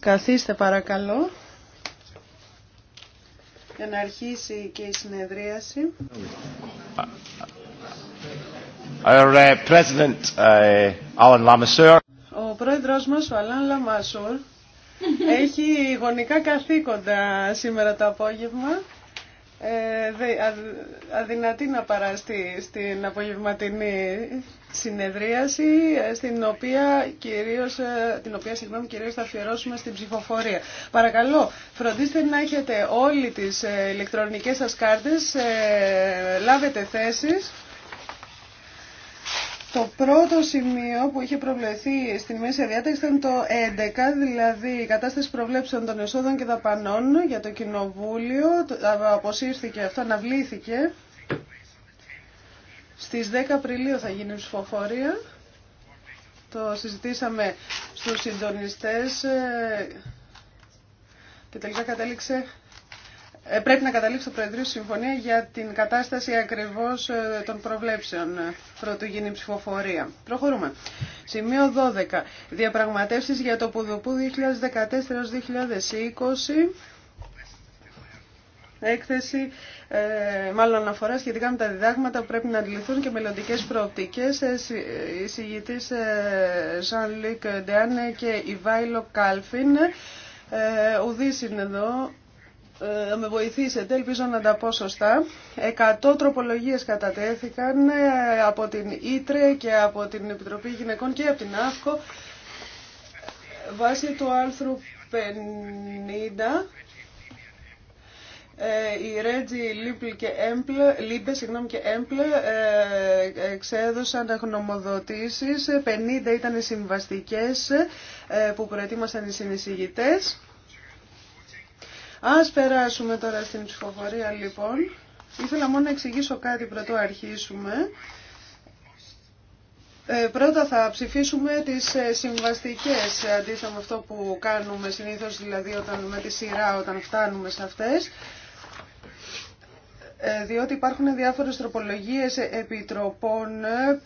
Καθίστε παρακαλώ για να αρχίσει και η συνεδρίαση. Our, uh, President, uh, ο πρόεδρος μας, ο Αλάν Λαμασούρ, έχει γονικά καθήκοντα σήμερα το απόγευμα. Ε, αδυνατή να παραστεί στην απογευματινή συνεδρίαση, ε, στην οποία κυρίως, ε, την οποία συγγνώμη, κυρίως θα αφιερώσουμε στην ψηφοφορία. Παρακαλώ, φροντίστε να έχετε όλοι τις ηλεκτρονικές σας κάρτες, λάβετε θέσεις. Το πρώτο σημείο που είχε προβλεφθεί στην μέση διάταξη ήταν το 11, δηλαδή η κατάσταση προβλέψεων των εσόδων και δαπανών για το Κοινοβούλιο. Αποσύρθηκε αυτό, αναβλήθηκε. Στις 10 Απριλίου θα γίνει ψηφοφορία. Το συζητήσαμε στους συντονιστές ε, και τελικά κατέληξε ε, πρέπει να καταλήξει το Προεδρείο συμφωνία για την κατάσταση ακριβώς ε, των προβλέψεων ε, πρωτού γίνει ψηφοφορία. Προχωρούμε. Σημείο 12. Διαπραγματεύσεις για το Πουδοπού 2014-2020. Έκθεση, μάλλον αναφορά σχετικά με τα διδάγματα που πρέπει να αντιληφθούν και μελλοντικέ προοπτικέ. Ε, Συγητή Jean-Luc Ντεάνε και Ιβάιλο Κάλφιν. Ε, Ουδή είναι εδώ θα ε, με βοηθήσετε, ελπίζω να τα πω σωστά. 100 τροπολογίες κατατέθηκαν ε, από την Ήτρε και από την Επιτροπή Γυναικών και από την ΑΦΚΟ βάσει του άρθρου 50 ε, η Ρέτζι Λίπλ και Έμπλε, Λίμπε συγγνώμη, και Έμπλε ε, εξέδωσαν γνωμοδοτήσεις. 50 ήταν οι συμβαστικές που προετοίμασαν οι συνεισηγητές. Ας περάσουμε τώρα στην ψηφοφορία λοιπόν. Ήθελα μόνο να εξηγήσω κάτι πρωτού αρχίσουμε. Ε, πρώτα θα ψηφίσουμε τις ε, συμβαστικές, ε, αντίθετα με αυτό που κάνουμε συνήθως, δηλαδή όταν, με τη σειρά όταν φτάνουμε σε αυτές διότι υπάρχουν διάφορες τροπολογίες επιτροπών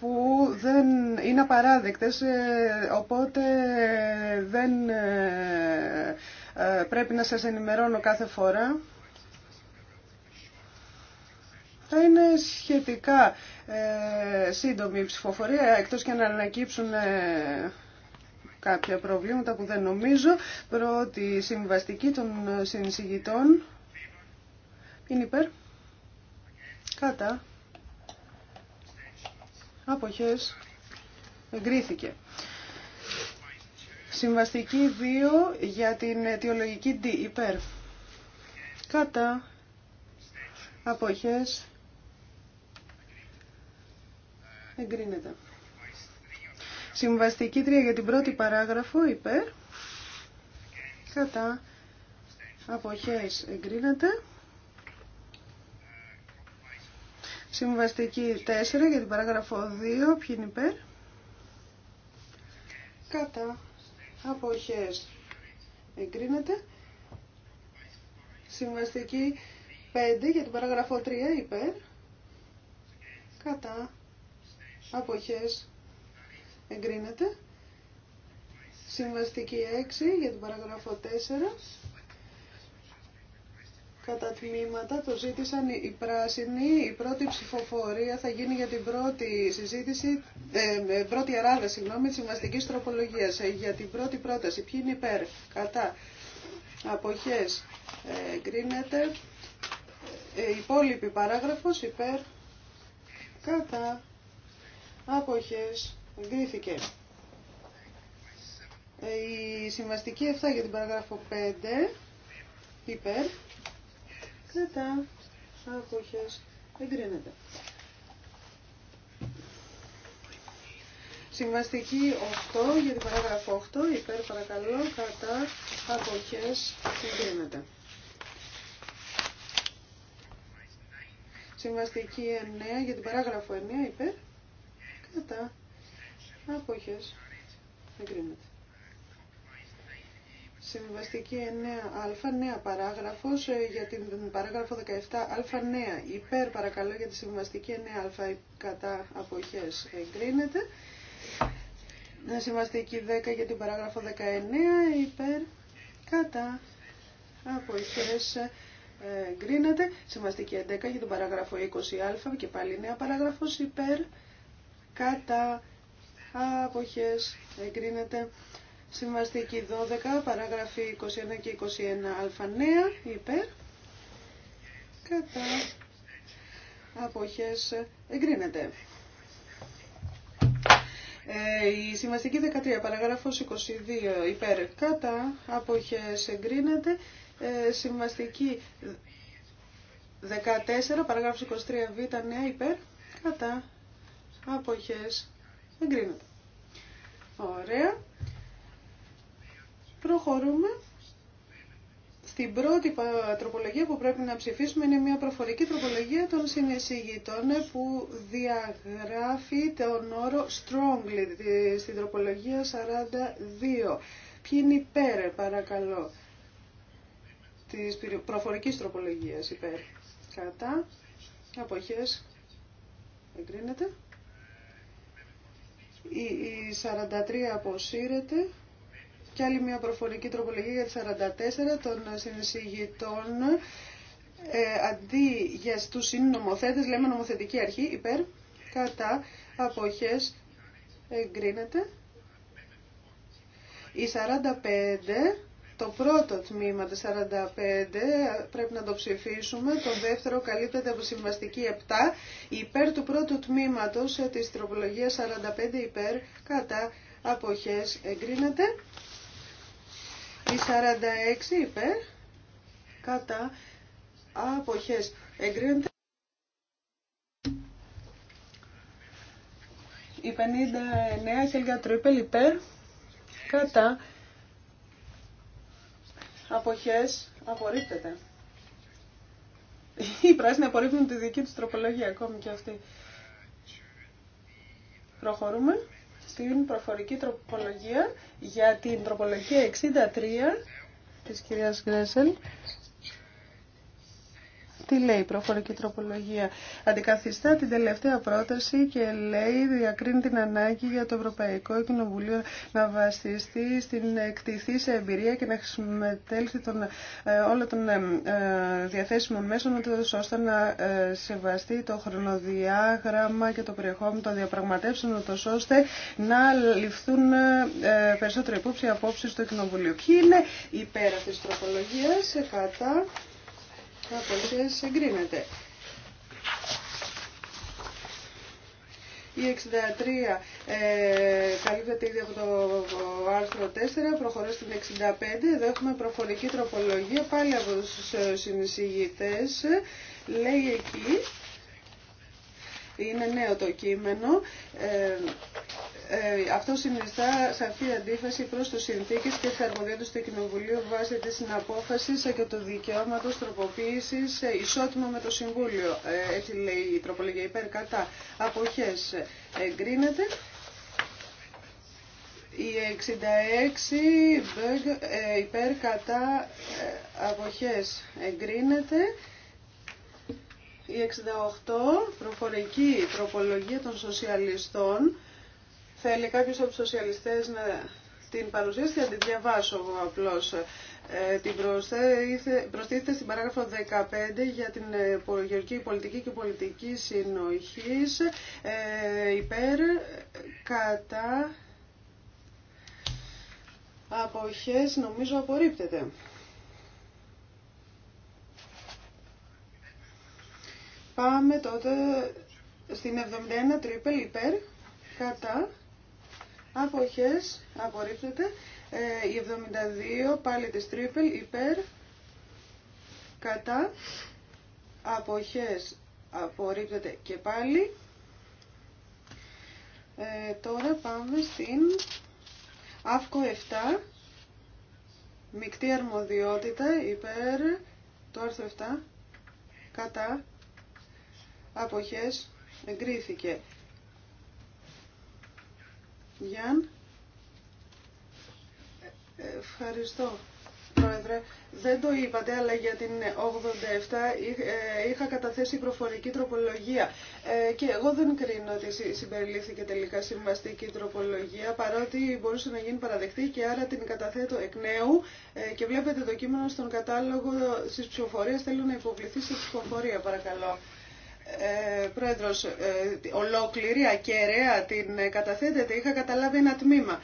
που δεν είναι απαράδεκτες, οπότε δεν ε, πρέπει να σας ενημερώνω κάθε φορά. Θα είναι σχετικά ε, σύντομη η ψηφοφορία, εκτός και να ανακύψουν ε, κάποια προβλήματα που δεν νομίζω. Πρώτη συμβαστική των συνσηγητών είναι υπέρ. Κατά. Αποχές. Εγκρίθηκε. Συμβαστική 2 για την αιτιολογική D, υπέρ. Κατά. Αποχές. Εγκρίνεται. Συμβαστική 3 για την πρώτη παράγραφο, υπέρ. Κατά. Αποχές εγκρίνεται. Συμβαστική 4 για την παράγραφο 2, ποιοι είναι υπέρ. Κατά αποχές εγκρίνεται. Συμβαστική 5 για την παράγραφο 3 υπέρ. Κατά αποχές εγκρίνεται. Συμβαστική 6 για την παράγραφο 4 Κατά τμήματα το ζήτησαν οι πράσινοι. Η πρώτη ψηφοφορία θα γίνει για την πρώτη συζήτηση, ε, ε, πρώτη αράδα, συγγνώμη, της συμβαστικής τροπολογίας. Ε, για την πρώτη πρόταση. Ποιοι είναι υπέρ, κατά, αποχές, ε, γκρίνεται. Ε, υπόλοιπη παράγραφος, υπέρ, κατά, αποχές, εγκρίθηκε. η συμβαστική 7 για την παράγραφο 5, υπέρ, Κατά. Αποχές. Εγκρίνεται. Συμβαστική 8 για την παράγραφο 8. Υπέρ παρακαλώ. Κατά. Αποχές. Εγκρίνεται. Συμβαστική 9 για την παράγραφο 9. Υπέρ. Κατά. Αποχές. Εγκρίνεται. Συμβαστική 9α, νέα παράγραφος, ε, για την παράγραφο 17α, νέα υπέρ παρακαλώ για τη συμβαστική 9α κατά αποχέ εγκρίνεται. Ε, συμβαστική 10 για την παράγραφο 19 υπέρ κατά αποχέ εγκρίνεται. Συμβαστική 11 για την παράγραφο 20α και πάλι νέα παράγραφος υπέρ κατά αποχές εγκρίνεται. Συμβαστική 12, παράγραφη 21 και 21α υπέρ. Κατά αποχές εγκρίνεται. Ε, η συμβαστική 13, παράγραφος 22, υπέρ. Κατά αποχές εγκρίνεται. Ε, συμβαστική 14, παράγραφος 23β νέα, υπέρ. Κατά αποχές εγκρίνεται. Ωραία. Προχωρούμε. Στην πρώτη τροπολογία που πρέπει να ψηφίσουμε είναι μια προφορική τροπολογία των συνεισηγητών ε, που διαγράφει τον όρο strongly στην τροπολογία 42. Ποιοι είναι υπέρ, παρακαλώ, της προφορικής τροπολογίας υπέρ. Κατά, αποχές, εγκρίνεται. Η, η 43 αποσύρεται και άλλη μια προφορική τροπολογία για 44 των συνεισηγητών. Ε, αντί για στους συνομοθέτες λέμε νομοθετική αρχή υπέρ, κατά, αποχές, εγκρίνεται. Η 45 το πρώτο τμήμα της 45 πρέπει να το ψηφίσουμε. Το δεύτερο καλύπτεται από συμβαστική 7. Υπέρ του πρώτου τμήματος ε, της τροπολογίας 45 υπέρ κατά αποχές εγκρίνεται. Η 46 υπέρ κατά αποχές εγκρίνεται. Η 59 Χέλγα είπε υπέρ κατά αποχές απορρίπτεται. Οι πράσινοι απορρίπτουν τη δική τους τροπολογία ακόμη και αυτή. Προχωρούμε στην προφορική τροπολογία για την τροπολογία 63 της κυρίας Γκρέσελ τι λέει η προφορική τροπολογία. Αντικαθιστά την τελευταία πρόταση και λέει διακρίνει την ανάγκη για το Ευρωπαϊκό Κοινοβουλίο να βασιστεί στην εκτιθή σε εμπειρία και να συμμετέλθει τον, ε, όλων των ε, ε, διαθέσιμων μέσων ώστε να σεβαστεί το χρονοδιάγραμμα και το περιεχόμενο των διαπραγματεύσεων ώστε να ληφθούν περισσότερο υπόψη απόψεις στο Κοινοβουλίο. Ποιοι είναι υπέρ αυτής της τροπολογίας, κατά συγκρίνεται. Η 63 ε, καλύπτεται ήδη από το άρθρο 4. Προχωρώ στην 65. Εδώ έχουμε προφορική τροπολογία πάλι από τους ε, συνεισηγητές. Λέει εκεί, είναι νέο το κείμενο, ε, ε, αυτό συνιστά σαφή αντίθεση προς τους συνθήκε και τι το του Κοινοβουλίου βάσει τη συναπόφαση και του δικαιώματο τροποποίησης ε, ισότιμα με το Συμβούλιο. Ε, έτσι λέει η τροπολογία υπέρ κατά. Αποχές εγκρίνεται. Η 66 υπέρ κατά αποχές εγκρίνεται. Η 68 προφορική τροπολογία των σοσιαλιστών Θέλει κάποιος από τους σοσιαλιστές να την παρουσιάσει. θα την διαβάσω εγώ απλώς. Ε, την προστίθεται στην παράγραφο 15 για την ε, γεωργική πολιτική και πολιτική συνοχής ε, υπέρ κατά αποχές νομίζω απορρίπτεται. Πάμε τότε στην 71 τρίπελ υπέρ κατά αποχές απορρίπτεται ε, η 72 πάλι της τρίπελ υπέρ κατά αποχές απορρίπτεται και πάλι ε, τώρα πάμε στην αύκο 7 μεικτή αρμοδιότητα υπέρ το άρθρο 7 κατά αποχές εγκρίθηκε Γιάν. Ε, ευχαριστώ. Πρόεδρε, δεν το είπατε, αλλά για την 87 ε, είχα καταθέσει προφορική τροπολογία. Ε, και εγώ δεν κρίνω ότι συμπεριλήφθηκε τελικά συμβαστική τροπολογία, παρότι μπορούσε να γίνει παραδεκτή και άρα την καταθέτω εκ νέου. Και βλέπετε το κείμενο στον κατάλογο στις ψηφοφορίες. Θέλω να υποβληθεί σε ψηφοφορία, παρακαλώ. Ε, πρόεδρος, ε, ολόκληρη, ακέραια την καταθέτεται. Είχα καταλάβει ένα τμήμα.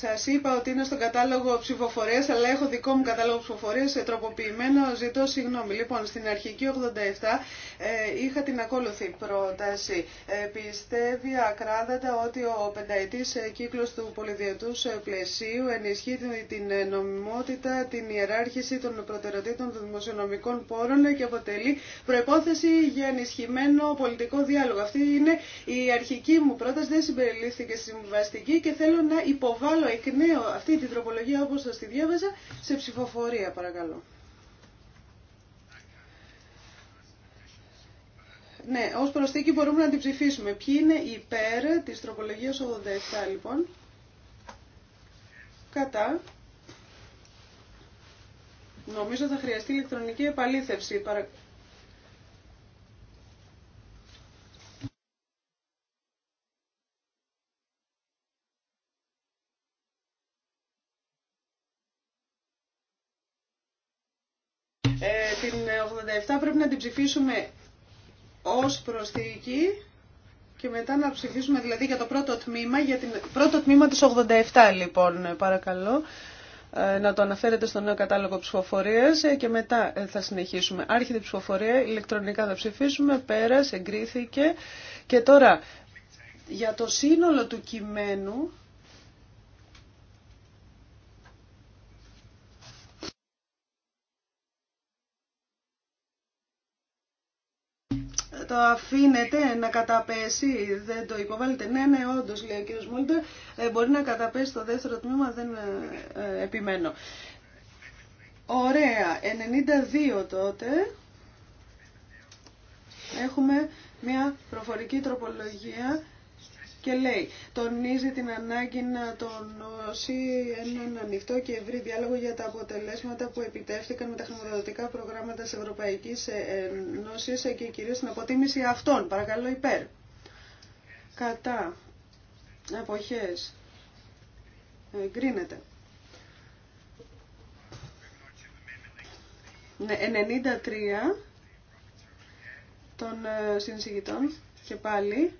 Σα είπα ότι είναι στον κατάλογο ψηφοφορίας, αλλά έχω δικό μου κατάλογο ψηφοφορίας σε τροποποιημένο, ζητώ συγγνώμη. Λοιπόν, στην αρχική 87 ε, είχα την ακόλουθη πρόταση. Ε, πιστεύει ακράδαντα ότι ο πενταετής ε, κύκλος του πολυδιετούς πλαισίου ενισχύει την νομιμότητα, την ιεράρχηση των προτεραιοτήτων των δημοσιονομικών πόρων και αποτελεί προπόθεση για ενισχυμένο πολιτικό διάλογο. Αυτή είναι η αρχική μου πρόταση, δεν συμπεριλήφθηκε συμβαστική και θέλω να υπο Βάλω εκ νέου αυτή την τροπολογία όπως σας τη διάβαζα σε ψηφοφορία παρακαλώ. Ναι, ως προσθήκη μπορούμε να την ψηφίσουμε. Ποιοι είναι υπέρ της τροπολογίας 87 λοιπόν. Κατά. Νομίζω θα χρειαστεί ηλεκτρονική επαλήθευση. Παρακαλώ. 47 πρέπει να την ψηφίσουμε ως προσθήκη και μετά να ψηφίσουμε δηλαδή για το πρώτο τμήμα, για την πρώτο τμήμα της 87 λοιπόν παρακαλώ ε, να το αναφέρετε στο νέο κατάλογο ψηφοφορίας ε, και μετά ε, θα συνεχίσουμε. Άρχεται η ψηφοφορία, ηλεκτρονικά θα ψηφίσουμε, πέρασε, εγκρίθηκε και τώρα για το σύνολο του κειμένου αφήνεται να καταπέσει, δεν το υποβάλλετε. Ναι, ναι, όντω, λέει ο κ. ε, μπορεί να καταπέσει το δεύτερο τμήμα, δεν ε, ε, επιμένω. Ωραία, 92 τότε. Έχουμε μια προφορική τροπολογία και λέει «Τονίζει την ανάγκη να τονώσει έναν ανοιχτό και ευρύ διάλογο για τα αποτελέσματα που επιτεύχθηκαν με τα χρηματοδοτικά προγράμματα της Ευρωπαϊκής Ενώσης και κυρίως την αποτίμηση αυτών. Παρακαλώ υπέρ». Κατά. Αποχές. Εγκρίνεται. 93 ναι, των ε, συνσηγητών και πάλι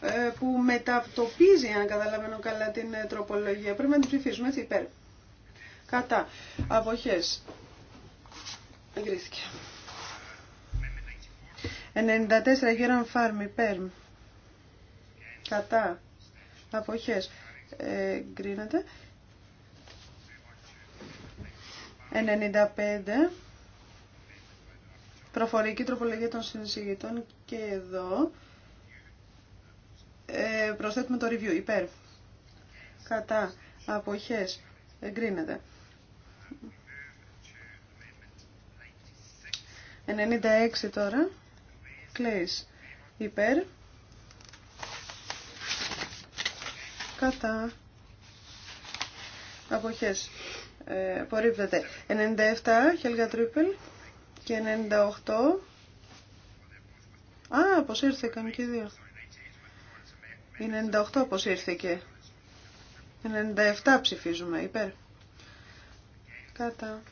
Ε, που μεταπτωπίζει, αν καταλαβαίνω καλά, την ε, τροπολογία. Πρέπει να την ψηφίσουμε, έτσι, υπέρ. Κατά. Αποχές. Εγκρίθηκε. 94 γέραν φάρμ, υπέρ. Κατά. Αποχές. Εγκρίνεται. 95. Προφορική τροπολογία των συνεισηγητών και εδώ ε, προσθέτουμε το review. Υπέρ. Κατά. Αποχές. Εγκρίνεται. 96 τώρα. Κλεις Υπέρ. Κατά. Αποχές. Ε, απορρίπτεται. 97. Χέλγα Τρίπελ. Και 98. Α, αποσύρθηκαν και οι δύο. Είναι 98 και 97 ψηφίζουμε υπέρ. Κατά.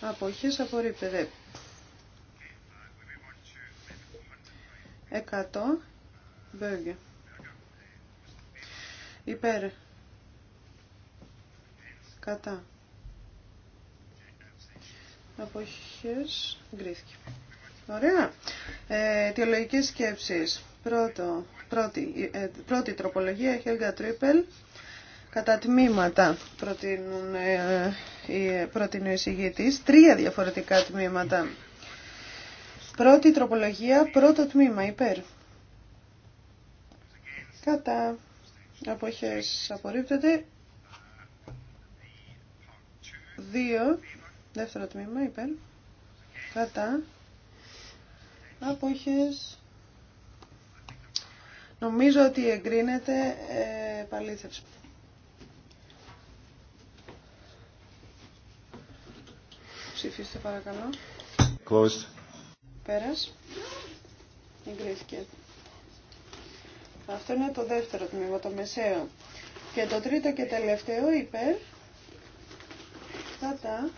Αποχές απορρίπτεται. 100 μπέργκε. Υπέρ. Κατά. Αποχές γκρίθηκε. Ωραία. Ε, Τιολογικές σκέψεις. Πρώτο, πρώτη, ε, πρώτη τροπολογία, Χέλγα Τρίπελ. Κατά τμήματα προτείνουν, ε, ε προτείνει ο εισηγητής. Τρία διαφορετικά τμήματα. Πρώτη τροπολογία, πρώτο τμήμα, υπέρ. Κατά. Αποχές απορρίπτεται. Δύο. Δεύτερο τμήμα, υπέρ. Κατά. Αποχές. Νομίζω ότι εγκρίνεται ε, παλήθευση. Ψηφίστε παρακαλώ. Closed. Πέρας. Εγκρίθηκε. Αυτό είναι το δεύτερο τμήμα, το μεσαίο. Και το τρίτο και τελευταίο υπέρ. Κατά.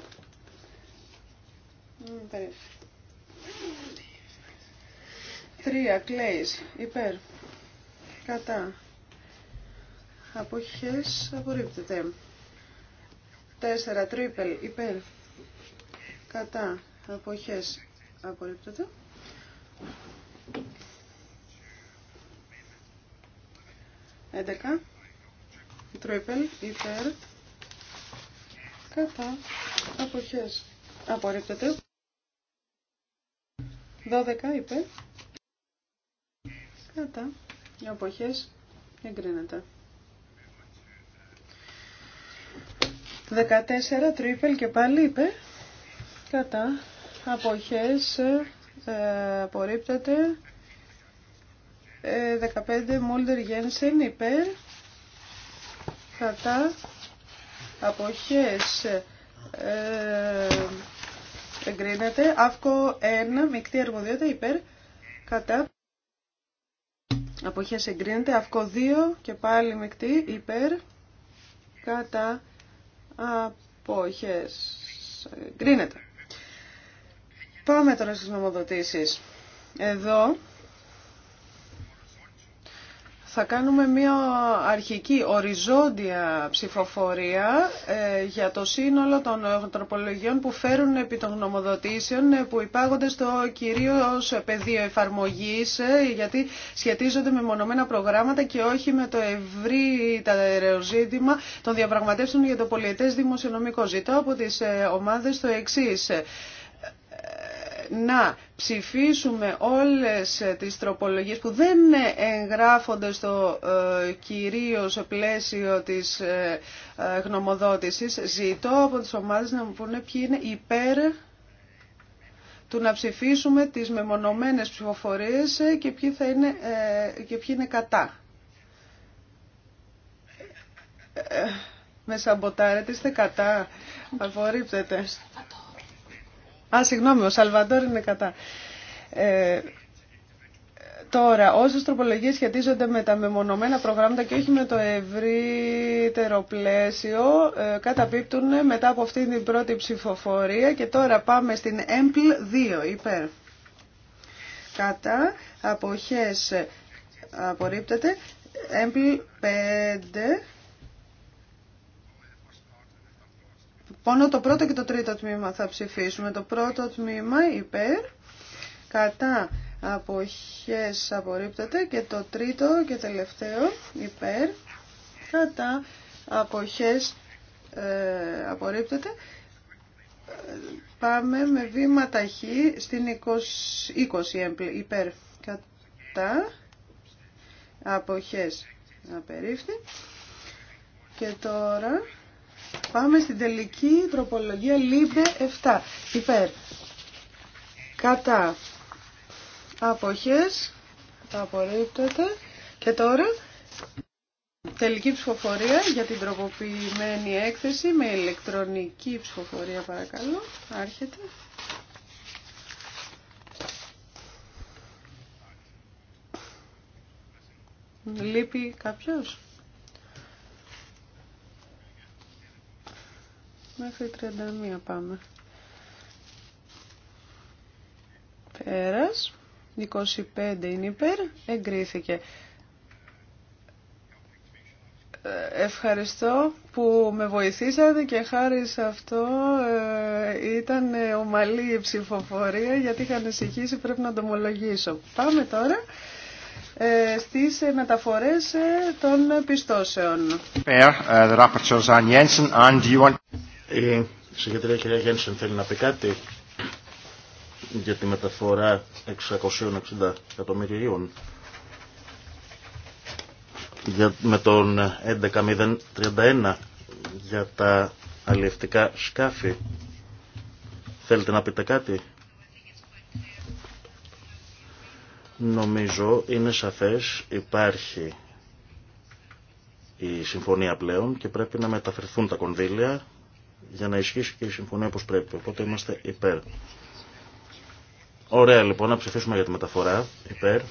3. Κλέι υπέρ κατά αποχέ απορρίπτεται. 4. Τρίπελ υπέρ κατά αποχέ απορρίπτεται. 11. Τρίπελ υπέρ κατά αποχέ απορρίπτεται. 12. Υπέρ. Κατά. Αποχές. Εγκρίνεται. 14 τρίπελ και πάλι είπε. Κατά. Αποχές. Ε, απορρίπτεται. 15 ε, Μούλτερ Γένσεν υπέρ. Κατά. απόχέ. Ε, εγκρίνεται. Αύκο 1. μεικτή αρμοδιότητα υπέρ. Κατά. Αποχές εγκρίνεται. Αυκό και πάλι μεικτή. Υπέρ. Κατά. Αποχές. Εγκρίνεται. Πάμε τώρα στις νομοδοτήσεις. Εδώ θα κάνουμε μια αρχική οριζόντια ψηφοφορία ε, για το σύνολο των τροπολογιών που φέρουν επί των γνωμοδοτήσεων ε, που υπάγονται στο κυρίω πεδίο εφαρμογής ε, γιατί σχετίζονται με μονομένα προγράμματα και όχι με το ευρύ ζήτημα των διαπραγματεύσεων για το πολιετέ δημοσιονομικό. Ζητώ από τις ομάδε το εξή να ψηφίσουμε όλες τις τροπολογίες που δεν εγγράφονται στο ε, κυρίως πλαίσιο της ε, γνωμοδότησης. Ζητώ από τις ομάδες να μου πούνε ποιοι είναι υπέρ του να ψηφίσουμε τις μεμονωμένες ψηφοφορίες και ποιοι, θα είναι, ε, και κατά. Με σαμποτάρετε, είστε κατά, απορρίπτεται. Α, συγγνώμη, ο Σαλβαντόρ είναι κατά. Ε, τώρα, όσε τροπολογίε σχετίζονται με τα μεμονωμένα προγράμματα και όχι με το ευρύτερο πλαίσιο, ε, καταπίπτουν μετά από αυτήν την πρώτη ψηφοφορία και τώρα πάμε στην ΕΜΠΛ 2, υπέρ. Κατά, αποχές απορρίπτεται, ΕΜΠΛ 5, Πόνο το πρώτο και το τρίτο τμήμα θα ψηφίσουμε. Το πρώτο τμήμα υπέρ, κατά αποχές απορρίπτεται και το τρίτο και τελευταίο υπέρ, κατά αποχές ε, απορρίπτεται. Πάμε με βήμα ταχύ στην 20, 20 υπέρ, κατά αποχές απερίφθη. Και τώρα Πάμε στην τελική τροπολογία λίμπε 7. Υπέρ. Κατά. Αποχές. Απορρίπτεται. Και τώρα τελική ψηφοφορία για την τροποποιημένη έκθεση με ηλεκτρονική ψηφοφορία παρακαλώ. Άρχεται. Λείπει κάποιος. Μέχρι 31 πάμε. Πέρας. 25 είναι υπέρ. Εγκρίθηκε. Ε, ευχαριστώ που με βοηθήσατε και χάρη σε αυτό ε, ήταν ε, ομαλή η ψηφοφορία γιατί είχα ανησυχήσει πρέπει να το ομολογήσω. Πάμε τώρα στις μεταφορές των πιστώσεων. Uh, η συγκεκριμένη κυρία Γένσεν θέλει να πει κάτι για τη μεταφορά 660 εκατομμυρίων για, με τον 11031 για τα αλληλευτικά σκάφη. Θέλετε να πείτε κάτι. Νομίζω είναι σαφές υπάρχει η συμφωνία πλέον και πρέπει να μεταφερθούν τα κονδύλια για να ισχύσει και η συμφωνία όπως πρέπει. Οπότε είμαστε υπέρ. Ωραία λοιπόν, να ψηφίσουμε για τη μεταφορά. Υπέρ,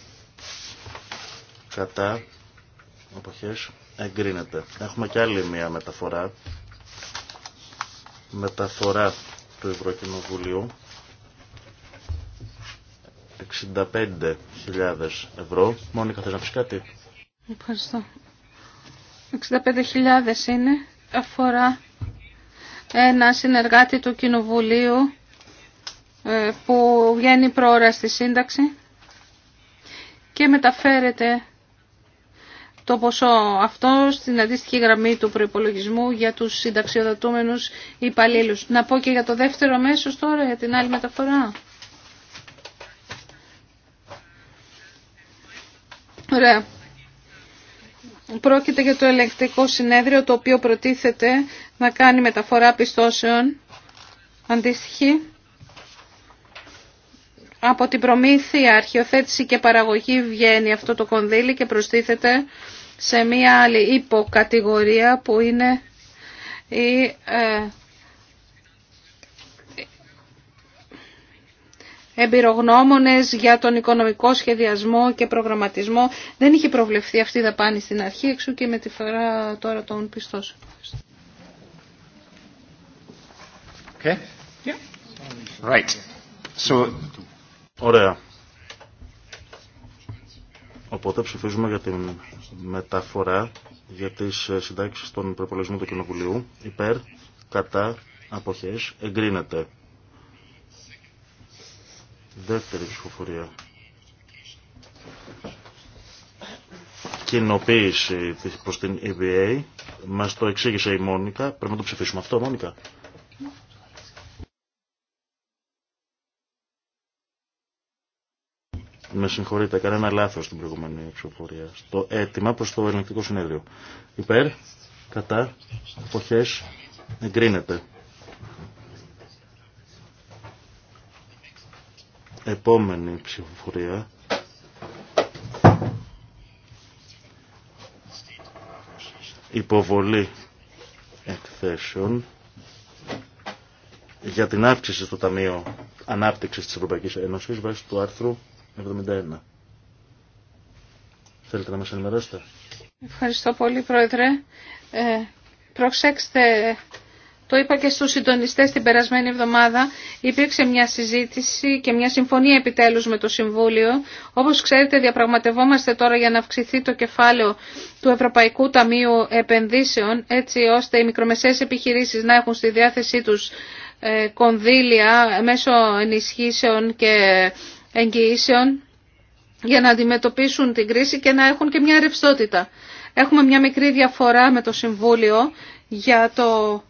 κατά, αποχές, εγκρίνεται. Έχουμε και άλλη μια μεταφορά. Μεταφορά του Ευρωκοινοβουλίου. 65.000 ευρώ. Μόνικα, θες να πεις κάτι. Ευχαριστώ. 65.000 είναι. Αφορά ένα συνεργάτη του Κοινοβουλίου ε, που βγαίνει προώρα στη σύνταξη και μεταφέρεται το ποσό αυτό στην αντίστοιχη γραμμή του προϋπολογισμού για τους συνταξιοδοτούμενους υπαλλήλου. Να πω και για το δεύτερο μέσο τώρα, για την άλλη μεταφορά. Ωραία. Πρόκειται για το ελεγκτικό συνέδριο το οποίο προτίθεται να κάνει μεταφορά πιστώσεων αντίστοιχη από την προμήθεια, αρχιοθέτηση και παραγωγή βγαίνει αυτό το κονδύλι και προστίθεται σε μία άλλη υποκατηγορία που είναι η ε, εμπειρογνώμονες για τον οικονομικό σχεδιασμό και προγραμματισμό. Δεν είχε προβλεφθεί αυτή η δαπάνη στην αρχή, εξού και με τη φορά τώρα των πίστος; Okay. Right. So... Ωραία. Οπότε ψηφίζουμε για την μεταφορά για τις ε, συντάξεις των προπολογισμών του Κοινοβουλίου. Υπέρ, κατά, αποχές, εγκρίνεται. Δεύτερη ψηφοφορία. Κοινοποίηση προς την EBA. Μας το εξήγησε η Μόνικα. Πρέπει να το ψηφίσουμε αυτό, Μόνικα. Με συγχωρείτε, ένα λάθος στην προηγούμενη ψηφοφορία. Το αίτημα προς το ελληνικό συνέδριο. Υπέρ, κατά, εποχές, εγκρίνεται. Επόμενη ψηφοφορία. Υποβολή εκθέσεων για την αύξηση στο Ταμείο Ανάπτυξης της Ευρωπαϊκής Ένωσης βάσει του άρθρου 71. Θέλετε να μας ενημερώσετε. Ευχαριστώ πολύ, Πρόεδρε. Ε, προσέξτε το είπα και στους συντονιστές την περασμένη εβδομάδα. Υπήρξε μια συζήτηση και μια συμφωνία επιτέλους με το Συμβούλιο. Όπως ξέρετε διαπραγματευόμαστε τώρα για να αυξηθεί το κεφάλαιο του Ευρωπαϊκού Ταμείου Επενδύσεων έτσι ώστε οι μικρομεσαίες επιχειρήσεις να έχουν στη διάθεσή τους ε, κονδύλια μέσω ενισχύσεων και εγγυήσεων για να αντιμετωπίσουν την κρίση και να έχουν και μια ρευστότητα. Έχουμε μια μικρή διαφορά με το Συμβούλιο για το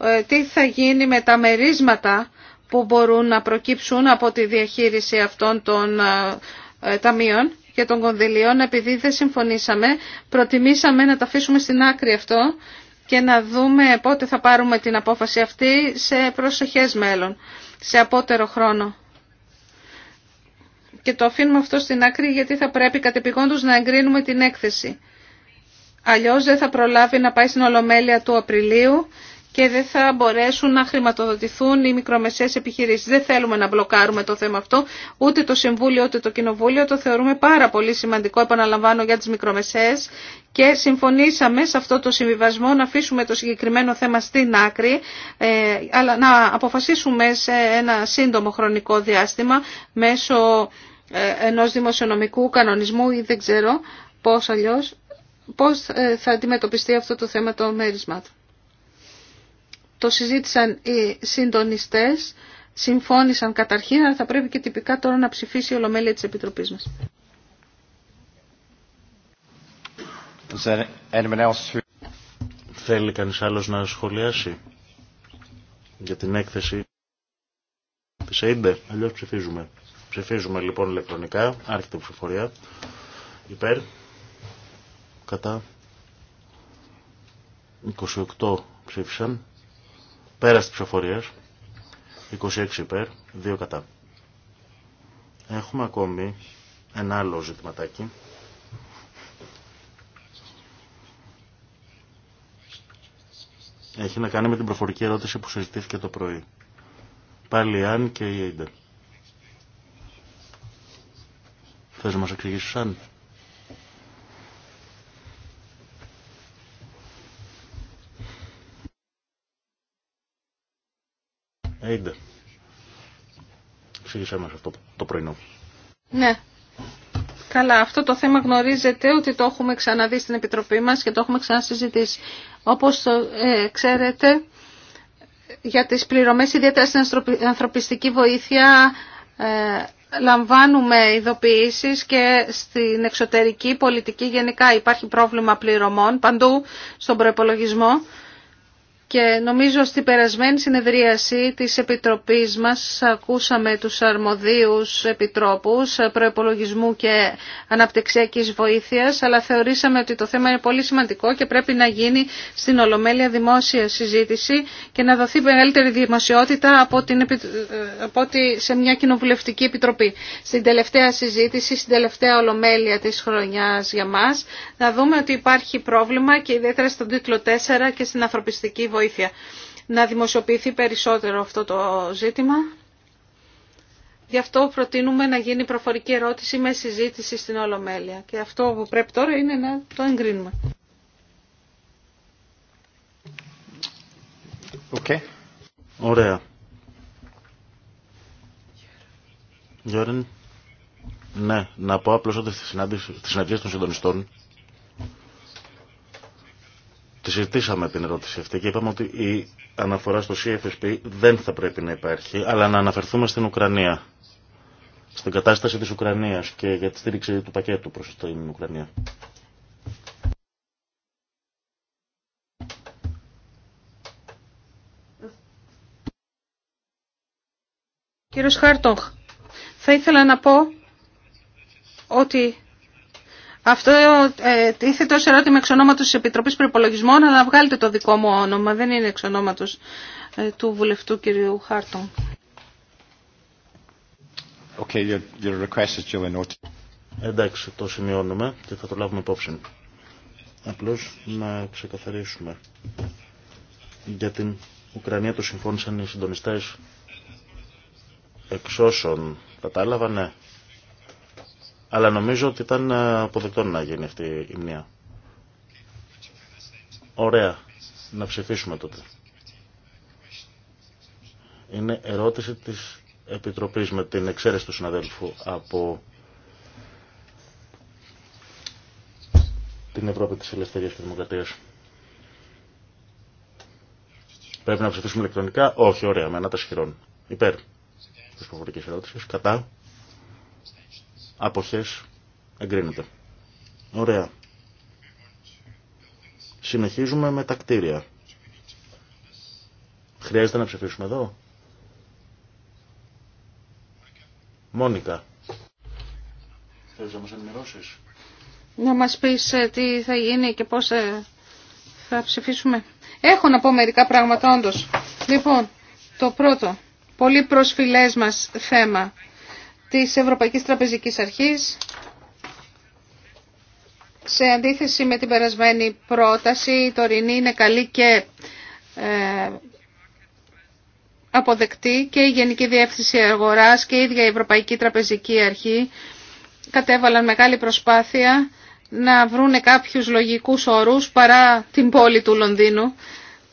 ε, τι θα γίνει με τα μερίσματα που μπορούν να προκύψουν από τη διαχείριση αυτών των ε, ε, ταμείων και των κονδυλίων. Επειδή δεν συμφωνήσαμε, προτιμήσαμε να τα αφήσουμε στην άκρη αυτό και να δούμε πότε θα πάρουμε την απόφαση αυτή σε προσεχές μέλλον, σε απότερο χρόνο. Και το αφήνουμε αυτό στην άκρη γιατί θα πρέπει κατεπηγόντως να εγκρίνουμε την έκθεση. Αλλιώς δεν θα προλάβει να πάει στην Ολομέλεια του Απριλίου και δεν θα μπορέσουν να χρηματοδοτηθούν οι μικρομεσαίες επιχειρήσεις. Δεν θέλουμε να μπλοκάρουμε το θέμα αυτό, ούτε το Συμβούλιο, ούτε το Κοινοβούλιο. Το θεωρούμε πάρα πολύ σημαντικό, επαναλαμβάνω, για τις μικρομεσαίες και συμφωνήσαμε σε αυτό το συμβιβασμό να αφήσουμε το συγκεκριμένο θέμα στην άκρη, ε, αλλά να αποφασίσουμε σε ένα σύντομο χρονικό διάστημα μέσω ε, ενός δημοσιονομικού κανονισμού ή δεν ξέρω πώς αλλιώς, πώς ε, θα αντιμετωπιστεί αυτό το θέμα το μέρισμα το συζήτησαν οι συντονιστές, συμφώνησαν καταρχήν, αλλά θα πρέπει και τυπικά τώρα να ψηφίσει η Ολομέλεια της Επιτροπής μας. Θέλει κανείς άλλος να σχολιάσει για την έκθεση της ΕΙΝΤΕ. Αλλιώς ψηφίζουμε. Ψηφίζουμε λοιπόν ηλεκτρονικά, άρχεται ψηφοφορία. Υπέρ, κατά, 28 ψήφισαν. Πέρα τη ψηφοφορία. 26 υπέρ, 2 κατά. Έχουμε ακόμη ένα άλλο ζητηματάκι. Έχει να κάνει με την προφορική ερώτηση που συζητήθηκε το πρωί. Πάλι αν και η Θες να μας εξηγήσεις αν. μας αυτό το πρωινό. Ναι. Καλά, αυτό το θέμα γνωρίζετε ότι το έχουμε ξαναδεί στην Επιτροπή μας και το έχουμε ξανασυζητήσει. Όπως το, ε, ξέρετε, για τις πληρωμές, ιδιαίτερα στην ανθρωπιστική βοήθεια, ε, λαμβάνουμε ειδοποιήσεις και στην εξωτερική πολιτική γενικά υπάρχει πρόβλημα πληρωμών παντού στον προπολογισμό και νομίζω στην περασμένη συνεδρίαση της Επιτροπής μας ακούσαμε τους αρμοδίους επιτρόπους προεπολογισμού και αναπτυξιακής βοήθειας, αλλά θεωρήσαμε ότι το θέμα είναι πολύ σημαντικό και πρέπει να γίνει στην Ολομέλεια δημόσια συζήτηση και να δοθεί μεγαλύτερη δημοσιότητα από, την, από ότι σε μια κοινοβουλευτική επιτροπή. Στην τελευταία συζήτηση, στην τελευταία Ολομέλεια της χρονιάς για μας, να δούμε ότι υπάρχει πρόβλημα και ιδιαίτερα στον τίτλο 4 και στην ανθρωπιστική βοήθεια βοήθεια. Να δημοσιοποιηθεί περισσότερο αυτό το ζήτημα. Γι' αυτό προτείνουμε να γίνει προφορική ερώτηση με συζήτηση στην Ολομέλεια. Και αυτό που πρέπει τώρα είναι να το εγκρίνουμε. Okay. Ωραία. Γιώργη, ναι, να πω απλώ ότι στη συνάντηση, των συντονιστών Τη συζητήσαμε την ερώτηση αυτή και είπαμε ότι η αναφορά στο CFSP δεν θα πρέπει να υπάρχει, αλλά να αναφερθούμε στην Ουκρανία, στην κατάσταση της Ουκρανίας και για τη στήριξη του πακέτου προς την Ουκρανία. Κύριος Χάρτοχ, θα ήθελα να πω ότι αυτό ε, τίθεται ως ερώτημα εξ ονόματος της Επιτροπής Προπολογισμών, αλλά βγάλετε το δικό μου όνομα, δεν είναι εξ ε, του βουλευτού κυρίου Χάρτον. Okay, your, request is Εντάξει, το σημειώνουμε και θα το λάβουμε υπόψη. Απλώς να ξεκαθαρίσουμε. Για την Ουκρανία το συμφώνησαν οι συντονιστές όσων Κατάλαβα, ναι. Αλλά νομίζω ότι ήταν ε, αποδεκτό να γίνει αυτή η μνήμα. Ωραία. Να ψηφίσουμε τότε. Είναι ερώτηση της Επιτροπής με την εξαίρεση του συναδέλφου από την Ευρώπη της Ελευθερίας και Δημοκρατίας. Πρέπει να ψηφίσουμε ηλεκτρονικά. Όχι, ωραία, με τα χειρών. Υπέρ της προφορικής ερώτησης. Κατά. Αποχές. Εγκρίνεται. Ωραία. Συνεχίζουμε με τα κτίρια. Χρειάζεται να ψηφίσουμε εδώ. Μόνικα. Θέλεις να μας ενημερώσεις. Να μας πεις ε, τι θα γίνει και πώς ε, θα ψηφίσουμε. Έχω να πω μερικά πράγματα όντως. Λοιπόν, το πρώτο, πολύ προσφυλές μας θέμα της Ευρωπαϊκής Τραπεζικής Αρχής σε αντίθεση με την περασμένη πρόταση η τωρινή είναι καλή και ε, αποδεκτή και η Γενική Διεύθυνση Αγοράς και η ίδια η Ευρωπαϊκή Τραπεζική Αρχή κατέβαλαν μεγάλη προσπάθεια να βρούνε κάποιους λογικούς όρους παρά την πόλη του Λονδίνου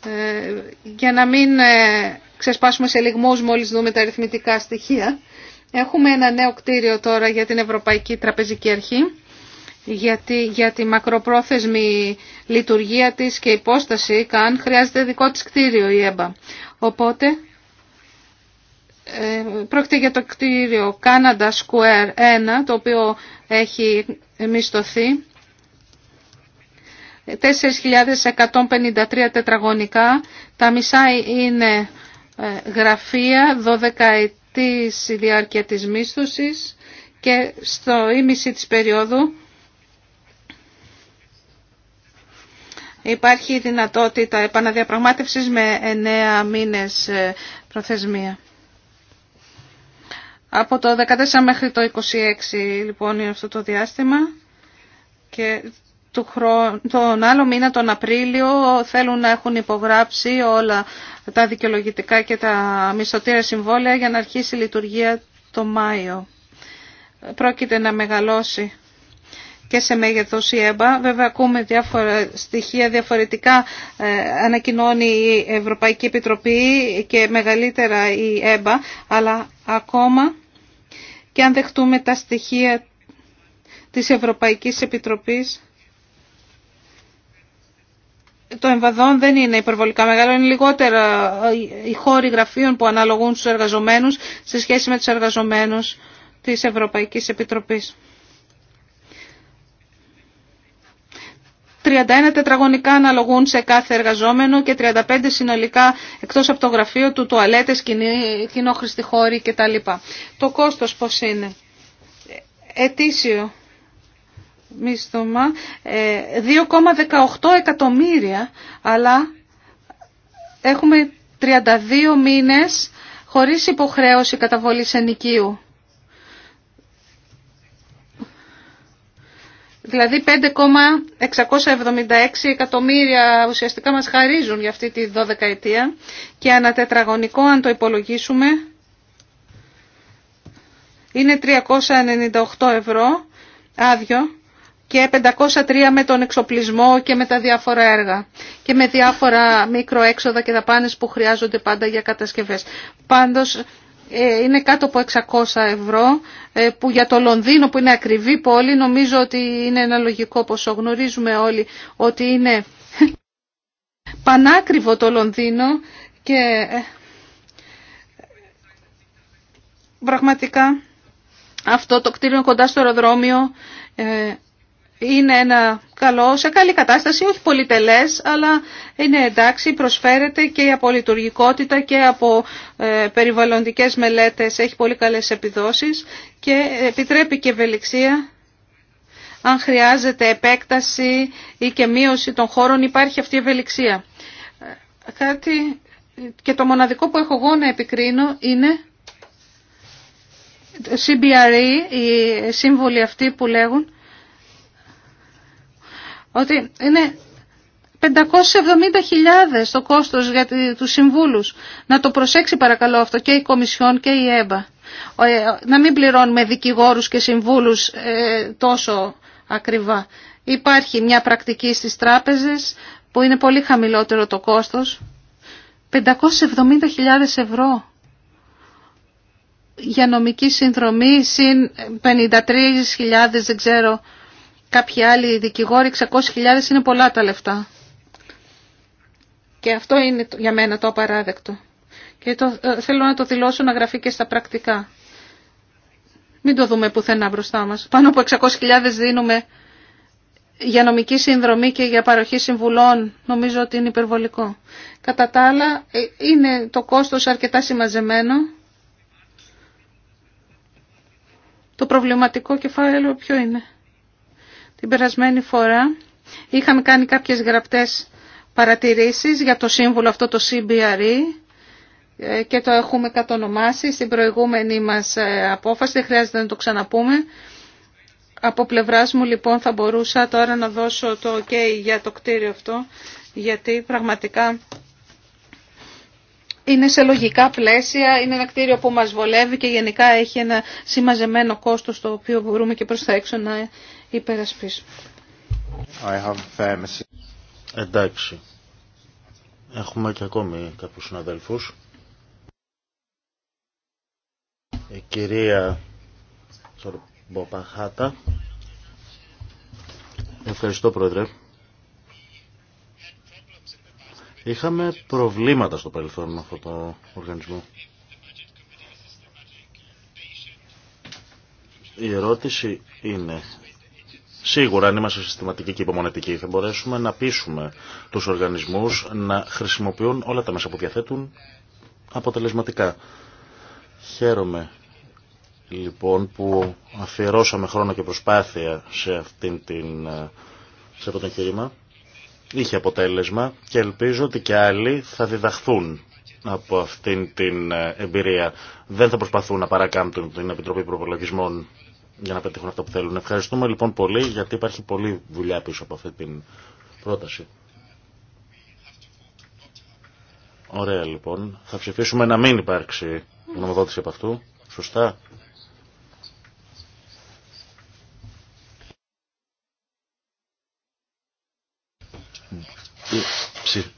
ε, για να μην ε, ξεσπάσουμε σε λιγμούς μόλις δούμε τα αριθμητικά στοιχεία. Έχουμε ένα νέο κτίριο τώρα για την Ευρωπαϊκή Τραπεζική Αρχή γιατί για τη μακροπρόθεσμη λειτουργία της και υπόσταση καν χρειάζεται δικό της κτίριο η ΕΜΠΑ. Οπότε ε, πρόκειται για το κτίριο Canada Square 1 το οποίο έχει μισθωθεί 4.153 τετραγωνικά τα μισά είναι ε, γραφεία 12 της διάρκεια της μίσθωσης και στο ίμιση της περίοδου υπάρχει η δυνατότητα επαναδιαπραγμάτευσης με 9 μήνες ε, προθεσμία. Από το 14 μέχρι το 26 λοιπόν είναι αυτό το διάστημα και τον άλλο μήνα, τον Απρίλιο, θέλουν να έχουν υπογράψει όλα τα δικαιολογητικά και τα μισθωτήρα συμβόλαια για να αρχίσει η λειτουργία το Μάιο. Πρόκειται να μεγαλώσει και σε μέγεθος η ΕΜΠΑ. Βέβαια ακούμε διάφορα στοιχεία διαφορετικά ε, ανακοινώνει η Ευρωπαϊκή Επιτροπή και μεγαλύτερα η ΕΜΠΑ, αλλά ακόμα και αν δεχτούμε τα στοιχεία της Ευρωπαϊκής Επιτροπής το εμβαδόν δεν είναι υπερβολικά μεγάλο, είναι λιγότερα ε, οι χώροι γραφείων που αναλογούν στους εργαζομένους σε σχέση με τους εργαζομένους της Ευρωπαϊκής Επιτροπής. 31 τετραγωνικά αναλογούν σε κάθε εργαζόμενο και 35 συνολικά εκτός από το γραφείο του, τουαλέτες, κοινόχρηστη χώρη κτλ. Το κόστος πώς είναι. Ε, ετήσιο μίσθωμα 2,18 ε, εκατομμύρια, αλλά έχουμε 32 μήνες χωρίς υποχρέωση καταβολής ενοικίου. Δηλαδή 5,676 εκατομμύρια ουσιαστικά μας χαρίζουν για αυτή τη 12 ετία και ανά τετραγωνικό αν το υπολογίσουμε είναι 398 ευρώ άδειο και 503 με τον εξοπλισμό και με τα διάφορα έργα και με διάφορα μικροέξοδα και δαπάνες που χρειάζονται πάντα για κατασκευές. Πάντως ε, είναι κάτω από 600 ευρώ ε, που για το Λονδίνο που είναι ακριβή πόλη νομίζω ότι είναι ένα λογικό ποσό. Γνωρίζουμε όλοι ότι είναι πανάκριβο το Λονδίνο και ε, πραγματικά αυτό το κτίριο κοντά στο αεροδρόμιο είναι ένα καλό, σε καλή κατάσταση, όχι πολυτελές, αλλά είναι εντάξει, προσφέρεται και από λειτουργικότητα και από ε, περιβαλλοντικές μελέτες, έχει πολύ καλές επιδόσεις και επιτρέπει και ευελιξία αν χρειάζεται επέκταση ή και μείωση των χώρων υπάρχει αυτή η ευελιξία. Κάτι και το μοναδικό που έχω εγώ να επικρίνω είναι το CBRE, οι σύμβολοι αυτοί που λέγουν ότι είναι 570.000 το κόστος για τους συμβούλους. Να το προσέξει παρακαλώ αυτό και η Κομισιόν και η ΕΜΠΑ. Ε, να μην πληρώνουμε δικηγόρους και συμβούλους ε, τόσο ακριβά. Υπάρχει μια πρακτική στις τράπεζες που είναι πολύ χαμηλότερο το κόστος. 570.000 ευρώ για νομική συνδρομή συν 53.000 δεν ξέρω Κάποιοι άλλοι δικηγόροι, 600.000 είναι πολλά τα λεφτά. Και αυτό είναι για μένα το απαράδεκτο. Και το, ε, θέλω να το δηλώσω να γραφεί και στα πρακτικά. Μην το δούμε πουθενά μπροστά μας. Πάνω από 600.000 δίνουμε για νομική συνδρομή και για παροχή συμβουλών. Νομίζω ότι είναι υπερβολικό. Κατά τα άλλα, ε, είναι το κόστος αρκετά συμμαζεμένο. Το προβληματικό κεφάλαιο ποιο είναι. Την περασμένη φορά είχαμε κάνει κάποιες γραπτές παρατηρήσεις για το σύμβολο αυτό το CBRE ε, και το έχουμε κατονομάσει στην προηγούμενη μας ε, απόφαση, δεν χρειάζεται να το ξαναπούμε. Από πλευράς μου λοιπόν θα μπορούσα τώρα να δώσω το ok για το κτίριο αυτό, γιατί πραγματικά είναι σε λογικά πλαίσια, είναι ένα κτίριο που μας βολεύει και γενικά έχει ένα συμμαζεμένο κόστος το οποίο μπορούμε και προς τα έξω να υπερασπίσω. I have... Uh, Εντάξει. Έχουμε και ακόμη κάποιους συναδέλφους. Η κυρία Τσορμποπαχάτα. Ευχαριστώ πρόεδρε. Είχαμε προβλήματα στο παρελθόν με αυτό το οργανισμό. Η ερώτηση είναι Σίγουρα, αν είμαστε συστηματικοί και υπομονετικοί, θα μπορέσουμε να πείσουμε τους οργανισμούς να χρησιμοποιούν όλα τα μέσα που διαθέτουν αποτελεσματικά. Χαίρομαι λοιπόν που αφιερώσαμε χρόνο και προσπάθεια σε, αυτήν την, σε αυτό το εγχείρημα. Είχε αποτέλεσμα και ελπίζω ότι και άλλοι θα διδαχθούν από αυτήν την εμπειρία. Δεν θα προσπαθούν να παρακάμπτουν την Επιτροπή Προπολογισμών για να πετύχουν αυτό που θέλουν. Ευχαριστούμε λοιπόν πολύ γιατί υπάρχει πολλή δουλειά πίσω από αυτή την πρόταση. Ωραία λοιπόν. Θα ψηφίσουμε να μην υπάρξει νομοδότηση από αυτού. Σωστά.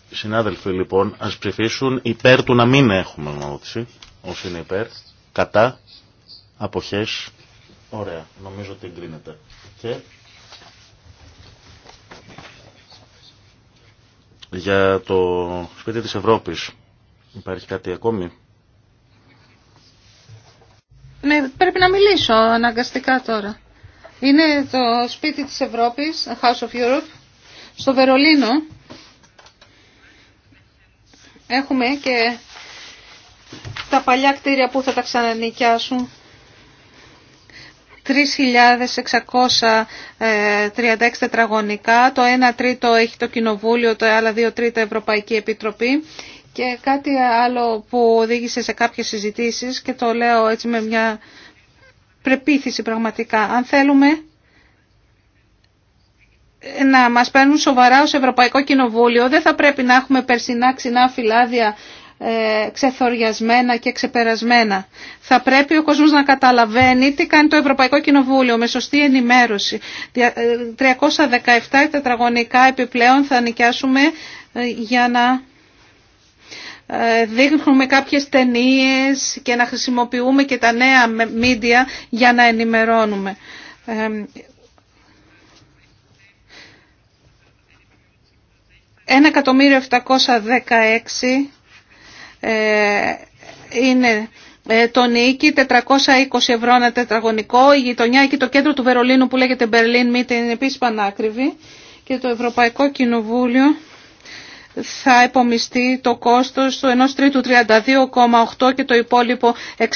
Οι συνάδελφοι λοιπόν ας ψηφίσουν υπέρ του να μην έχουμε νομοδότηση. Όσοι είναι υπέρ. Κατά. Αποχές. Ωραία, νομίζω ότι εγκρίνεται. Και για το σπίτι της Ευρώπης υπάρχει κάτι ακόμη. Ναι, πρέπει να μιλήσω αναγκαστικά τώρα. Είναι το σπίτι της Ευρώπης, House of Europe, στο Βερολίνο. Έχουμε και τα παλιά κτίρια που θα τα ξανανοικιάσουν. 3.636 ε, τετραγωνικά, το 1 τρίτο έχει το Κοινοβούλιο, το άλλα 2 τρίτα Ευρωπαϊκή Επιτροπή και κάτι άλλο που οδήγησε σε κάποιες συζητήσεις και το λέω έτσι με μια πρεπίθηση πραγματικά. Αν θέλουμε να μας παίρνουν σοβαρά ως Ευρωπαϊκό Κοινοβούλιο, δεν θα πρέπει να έχουμε περσινά ξινά φυλάδια ε, ξεθοριασμένα και ξεπερασμένα. Θα πρέπει ο κόσμος να καταλαβαίνει τι κάνει το Ευρωπαϊκό Κοινοβούλιο με σωστή ενημέρωση. 317 ε, τετραγωνικά επιπλέον θα νοικιάσουμε ε, για να δείχνουμε κάποιες ταινίε και να χρησιμοποιούμε και τα νέα μίντια για να ενημερώνουμε. Ένα εκατομμύριο ε, είναι ε, το νίκη 420 ευρώ ένα τετραγωνικό. Η γειτονιά εκεί το κέντρο του Βερολίνου που λέγεται Berlin Mitte είναι επίσης πανάκριβη. Και το Ευρωπαϊκό Κοινοβούλιο θα επομιστεί το κόστος του 1 τρίτου 32,8 και το υπόλοιπο 67,2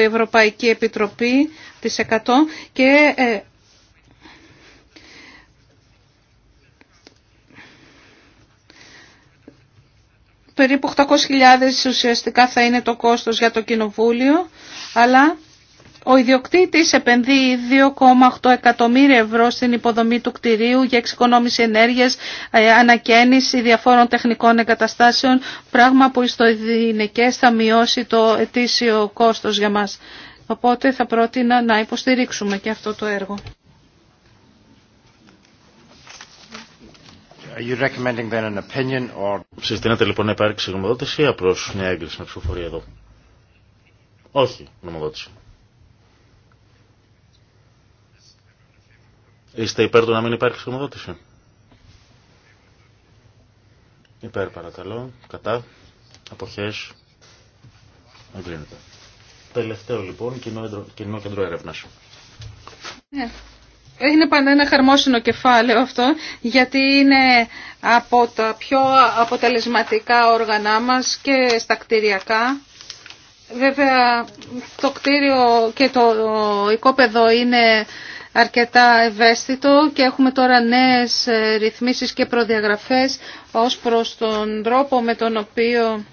η Ευρωπαϊκή Επιτροπή της 100 και ε, περίπου 800.000 ουσιαστικά θα είναι το κόστος για το κοινοβούλιο, αλλά ο ιδιοκτήτης επενδύει 2,8 εκατομμύρια ευρώ στην υποδομή του κτηρίου για εξοικονόμηση ενέργειας, ε, ανακαίνιση διαφόρων τεχνικών εγκαταστάσεων, πράγμα που στο ειδινικές θα μειώσει το ετήσιο κόστος για μας. Οπότε θα πρότεινα να υποστηρίξουμε και αυτό το έργο. Or... Συστήνατε λοιπόν να υπάρξει γνωμοδότηση ή απλώ μια έγκριση με ψηφοφορία εδώ. Όχι, γνωμοδότηση. Είστε υπέρ του να μην υπάρχει γνωμοδότηση. Υπέρ παρακαλώ. Κατά. Αποχές. Εγκρίνεται. Τελευταίο λοιπόν κοινό, κέντρο έρευνας. Yeah. Ναι. Είναι πάντα ένα χαρμόσυνο κεφάλαιο αυτό, γιατί είναι από τα πιο αποτελεσματικά όργανα μας και στα κτηριακά. Βέβαια, το κτίριο και το οικόπεδο είναι αρκετά ευαίσθητο και έχουμε τώρα νέες ρυθμίσεις και προδιαγραφές ως προς τον τρόπο με τον οποίο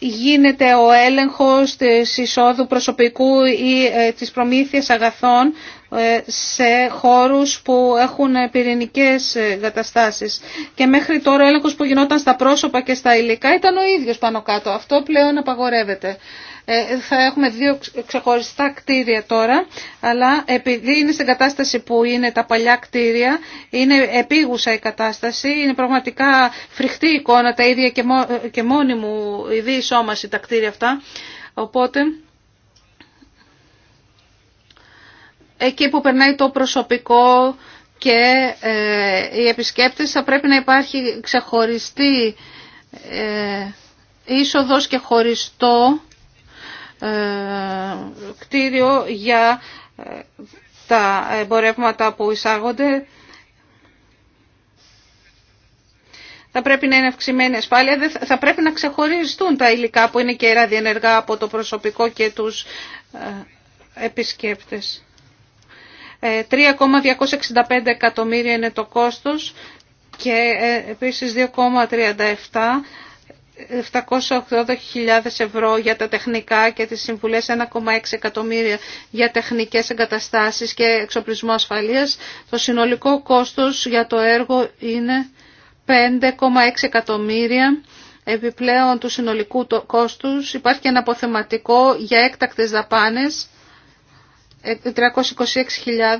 γίνεται ο έλεγχος της εισόδου προσωπικού ή ε, της προμήθειας αγαθών ε, σε χώρους που έχουν πυρηνικές ε, καταστάσεις. Και μέχρι τώρα ο έλεγχος που γινόταν στα πρόσωπα και στα υλικά ήταν ο ίδιος πάνω κάτω. Αυτό πλέον απαγορεύεται. Ε, θα έχουμε δύο ξεχωριστά κτίρια τώρα, αλλά επειδή είναι στην κατάσταση που είναι τα παλιά κτίρια, είναι επίγουσα η κατάσταση, είναι πραγματικά φρικτή εικόνα τα ίδια και μόνη μου η διεισόμαση τα κτίρια αυτά, οπότε... Εκεί που περνάει το προσωπικό και ε, οι επισκέπτες θα πρέπει να υπάρχει ξεχωριστή ε, είσοδος και χωριστό ε, κτίριο για ε, τα εμπορεύματα που εισάγονται. Θα πρέπει να είναι αυξημένη ασφάλεια. Θα πρέπει να ξεχωριστούν τα υλικά που είναι και ραδιενεργά από το προσωπικό και τους ε, επισκέπτες. 3,265 εκατομμύρια είναι το κόστος και επίσης 2,37 780.000 ευρώ για τα τεχνικά και τις συμβουλές 1,6 εκατομμύρια για τεχνικές εγκαταστάσεις και εξοπλισμό ασφαλείας. Το συνολικό κόστος για το έργο είναι 5,6 εκατομμύρια επιπλέον του συνολικού κόστους. Υπάρχει και ένα αποθεματικό για έκτακτες δαπάνες 326.000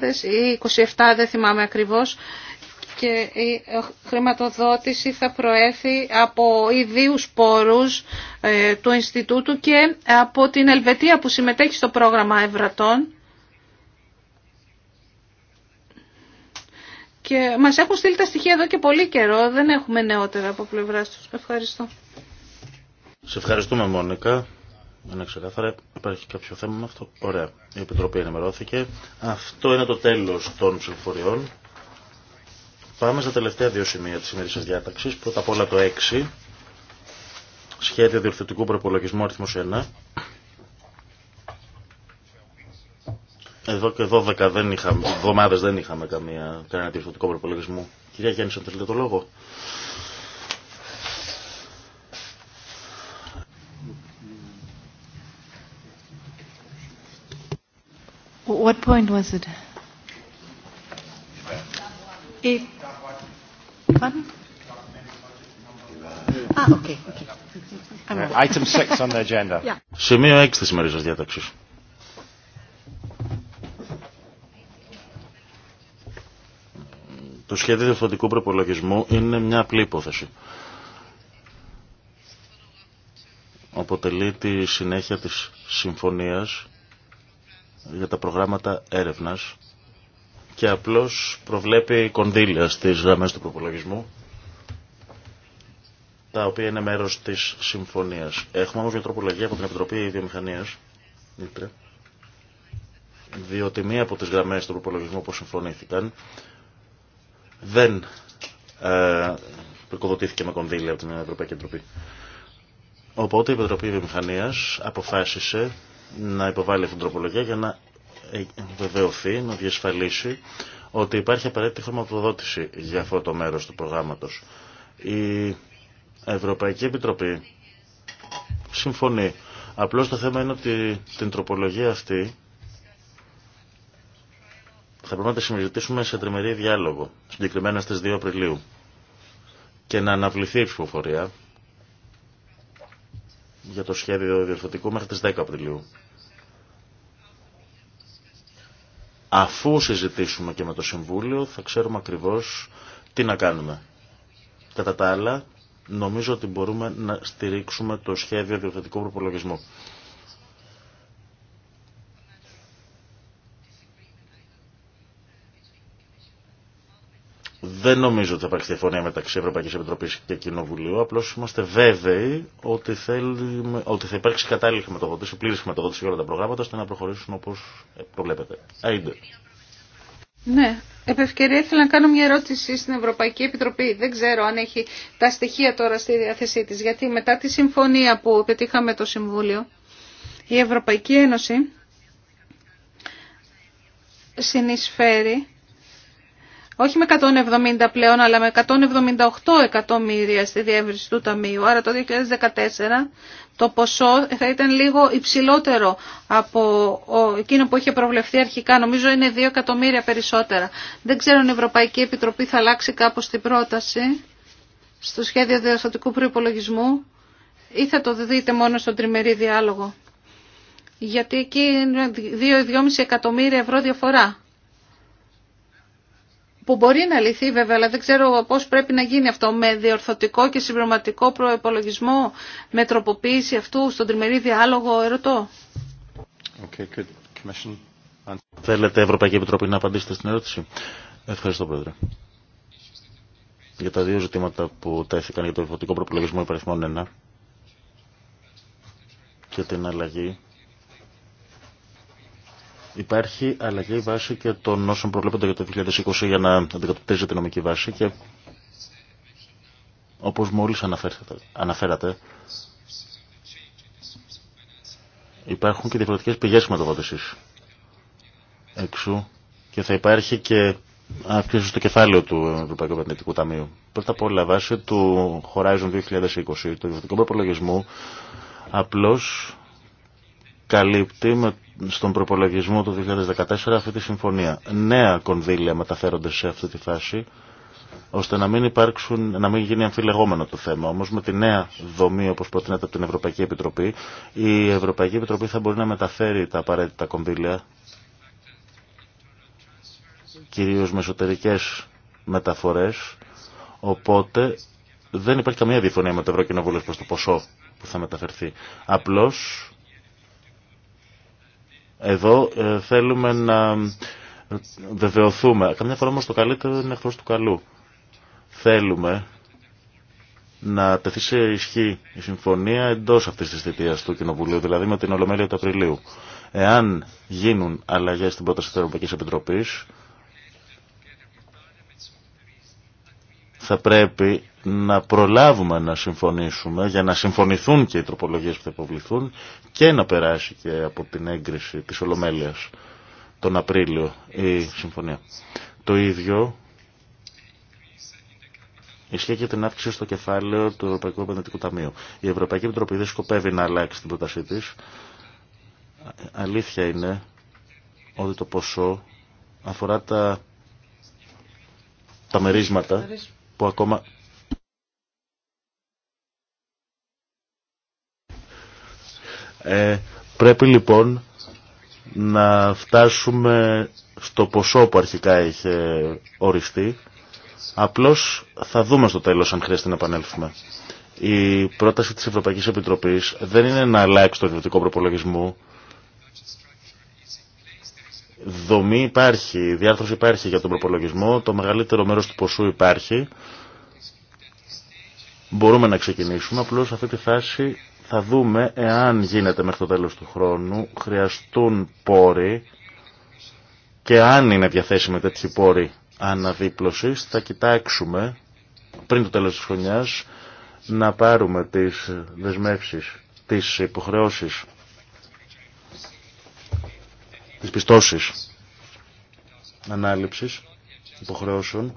ε, ή 27 δεν θυμάμαι ακριβώς και η χρηματοδότηση θα προέρθει από ιδίους πόρους ε, του Ινστιτούτου και από την Ελβετία που συμμετέχει στο πρόγραμμα Ευρατών. Και μας έχουν στείλει τα στοιχεία εδώ και πολύ καιρό. Δεν έχουμε νεότερα από πλευρά τους. Ευχαριστώ. Σε ευχαριστούμε Μόνικα. Δεν ξεκάθαρα. Υπάρχει κάποιο θέμα με αυτό. Ωραία. Η Επιτροπή ενημερώθηκε. Αυτό είναι το τέλος των ψηφοφοριών. Πάμε στα τελευταία δύο σημεία της σημερινής διάταξης. Πρώτα απ' όλα το 6, σχέδιο διορθωτικού προπολογισμού αριθμός 1. Εδώ και 12 δεν είχαμε, εβδομάδες δεν είχαμε καμία, κανένα διορθωτικό προπολογισμό. Κυρία Γιάννη, αν θέλετε το λόγο. What point was it? Ε, Ah, Item 6 on the agenda. Σημείο 6 της διάταξης. Το σχέδιο διευθυντικού προπολογισμού είναι μια απλή υπόθεση. Αποτελεί τη συνέχεια της συμφωνίας για τα προγράμματα έρευνας και απλώς προβλέπει κονδύλια στις γραμμές του προπολογισμού τα οποία είναι μέρος της συμφωνίας. Έχουμε όμως μια τροπολογία από την Επιτροπή Βιομηχανία, διότι μία από τις γραμμές του προπολογισμού που συμφωνήθηκαν δεν ε, προκοδοτήθηκε με κονδύλια από την Ευρωπαϊκή Επιτροπή. Οπότε η Επιτροπή Βιομηχανία αποφάσισε να υποβάλει αυτήν την τροπολογία για να βεβαιωθεί, να διασφαλίσει ότι υπάρχει απαραίτητη χρηματοδότηση για αυτό το μέρος του προγράμματος. Η Ευρωπαϊκή Επιτροπή συμφωνεί. Απλώς το θέμα είναι ότι την τροπολογία αυτή θα πρέπει να τη συζητήσουμε σε τριμερή διάλογο, συγκεκριμένα στις 2 Απριλίου, και να αναβληθεί η ψηφοφορία για το σχέδιο διορθωτικού μέχρι τις 10 Απριλίου. Αφού συζητήσουμε και με το Συμβούλιο θα ξέρουμε ακριβώς τι να κάνουμε. Κατά τα άλλα, νομίζω ότι μπορούμε να στηρίξουμε το σχέδιο διορθωτικού προπολογισμού. Δεν νομίζω ότι θα υπάρξει διαφωνία μεταξύ Ευρωπαϊκής Επιτροπής και Κοινοβουλίου. Απλώς είμαστε βέβαιοι ότι, θέλουμε, ότι θα υπάρξει κατάλληλη χρηματοδότηση, πλήρη χρηματοδότηση για όλα τα προγράμματα, ώστε να προχωρήσουν όπως προβλέπετε. Ναι. Επ' ευκαιρία ήθελα να κάνω μια ερώτηση στην Ευρωπαϊκή Επιτροπή. Δεν ξέρω αν έχει τα στοιχεία τώρα στη διάθεσή της, γιατί μετά τη συμφωνία που πετύχαμε το Συμβούλιο, η Ευρωπαϊκή Ένωση συνεισφέρει όχι με 170 πλέον, αλλά με 178 εκατομμύρια στη διεύρυνση του Ταμείου. Άρα το 2014 το ποσό θα ήταν λίγο υψηλότερο από εκείνο που είχε προβλεφθεί αρχικά. Νομίζω είναι 2 εκατομμύρια περισσότερα. Δεν ξέρω αν η Ευρωπαϊκή Επιτροπή θα αλλάξει κάπως την πρόταση στο σχέδιο διαστατικού προϋπολογισμού ή θα το δείτε μόνο στον τριμερή διάλογο. Γιατί εκεί είναι 2-2,5 εκατομμύρια ευρώ διαφορά που μπορεί να λυθεί βέβαια, αλλά δεν ξέρω πώς πρέπει να γίνει αυτό με διορθωτικό και συμπληρωματικό προϋπολογισμό, με τροποποίηση αυτού στον τριμερή διάλογο, ερωτώ. Okay, Θέλετε Ευρωπαϊκή Επιτροπή να απαντήσετε στην ερώτηση. Ευχαριστώ Πρόεδρε. Για τα δύο ζητήματα που τέθηκαν για το διορθωτικό προπολογισμό υπαριθμών 1 και την αλλαγή υπάρχει αλλαγή βάση και των όσων προβλέπονται για το 2020 για να αντικατοπτρίζει την νομική βάση και όπως μόλις αναφέρατε, υπάρχουν και διαφορετικές πηγές χρηματοδότησης έξω και θα υπάρχει και αύξηση στο κεφάλαιο του Ευρωπαϊκού Επενδυτικού Ταμείου. Πρώτα απ' όλα, βάση του Horizon 2020, του ιδιωτικού προπολογισμού, απλώς καλύπτει στον προπολογισμό του 2014 αυτή τη συμφωνία. Νέα κονδύλια μεταφέρονται σε αυτή τη φάση, ώστε να μην, υπάρξουν, να μην γίνει αμφιλεγόμενο το θέμα. Όμως με τη νέα δομή, όπω προτείνεται από την Ευρωπαϊκή Επιτροπή, η Ευρωπαϊκή Επιτροπή θα μπορεί να μεταφέρει τα απαραίτητα κονδύλια, κυρίως με εσωτερικέ μεταφορέ, οπότε δεν υπάρχει καμία διαφωνία με το Ευρωκοινοβούλιο προ το ποσό που θα μεταφερθεί. Απλώς εδώ ε, θέλουμε να βεβαιωθούμε. Καμιά φορά όμως το καλύτερο είναι εχθρός του καλού. Θέλουμε να τεθεί σε ισχύ η συμφωνία εντός αυτής της θητείας του Κοινοβουλίου, δηλαδή με την Ολομέλεια του Απριλίου. Εάν γίνουν αλλαγές στην πρόταση της Ευρωπαϊκής Επιτροπής, θα πρέπει να προλάβουμε να συμφωνήσουμε για να συμφωνηθούν και οι τροπολογίες που θα υποβληθούν και να περάσει και από την έγκριση της Ολομέλειας τον Απρίλιο η συμφωνία. Το ίδιο Ισχύει και την αύξηση στο κεφάλαιο του Ευρωπαϊκού Επενδυτικού Ταμείου. Η Ευρωπαϊκή Επιτροπή δεν σκοπεύει να αλλάξει την πρότασή τη. Αλήθεια είναι ότι το ποσό αφορά τα μερίσματα που ακόμα ε, πρέπει λοιπόν να φτάσουμε στο ποσό που αρχικά είχε οριστεί. Απλώς θα δούμε στο τέλος αν χρειάζεται να επανέλθουμε. Η πρόταση της Ευρωπαϊκής Επιτροπής δεν είναι να αλλάξει το ιδιωτικό προπολογισμό, δομή υπάρχει, διάρθρωση υπάρχει για τον προπολογισμό, το μεγαλύτερο μέρος του ποσού υπάρχει. Μπορούμε να ξεκινήσουμε, απλώς σε αυτή τη φάση θα δούμε εάν γίνεται μέχρι το τέλος του χρόνου, χρειαστούν πόροι και αν είναι διαθέσιμοι τέτοιοι πόροι αναδίπλωσης, θα κοιτάξουμε πριν το τέλος της χρονιάς να πάρουμε τις δεσμεύσεις, τις υποχρεώσεις τις πιστώσεις ανάληψης υποχρεώσεων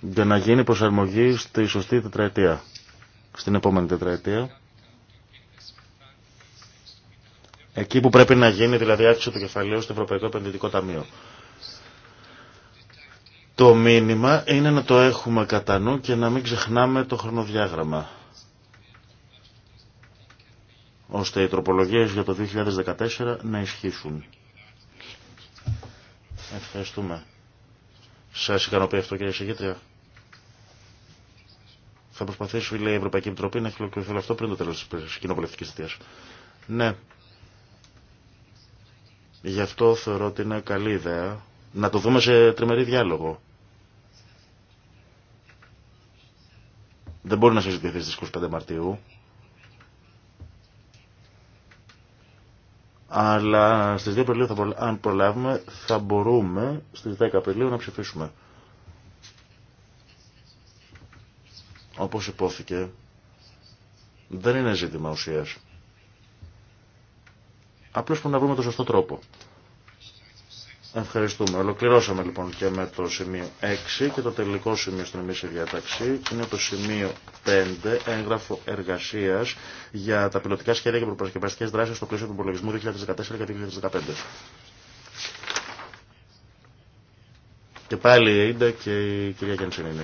για να γίνει προσαρμογή στη σωστή τετραετία, στην επόμενη τετραετία. Εκεί που πρέπει να γίνει δηλαδή άξιο του κεφαλαίου στο Ευρωπαϊκό Επενδυτικό Ταμείο. Το μήνυμα είναι να το έχουμε κατά νου και να μην ξεχνάμε το χρονοδιάγραμμα ώστε οι τροπολογίες για το 2014 να ισχύσουν. Ευχαριστούμε. Σας ικανοποιεί αυτό κύριε Συγγήτρια. Θα προσπαθήσω, λέει η Ευρωπαϊκή Επιτροπή, να έχει ολοκληρωθεί αυτό πριν το τέλος της κοινοβουλευτικής θητείας. Ναι. Γι' αυτό θεωρώ ότι είναι καλή ιδέα να το δούμε σε τριμερή διάλογο. Δεν μπορεί να συζητηθεί στις 25 Μαρτίου. Αλλά στις 2 Απριλίου, θα, αν προλάβουμε, θα μπορούμε στις 10 Απριλίου να ψηφίσουμε. Όπως υπόθηκε, δεν είναι ζήτημα ουσίας. Απλώς πρέπει να βρούμε τον σωστό τρόπο. Ευχαριστούμε. Ολοκληρώσαμε λοιπόν και με το σημείο 6 και το τελικό σημείο στην εμείς διάταξη είναι το σημείο 5, έγγραφο εργασίας για τα πιλωτικά σχέδια και προπαρασκευαστικές δράσεις στο πλαίσιο του υπολογισμού 2014 και 2015. Και πάλι η Ίντα και η κυρία Γιάννησεν είναι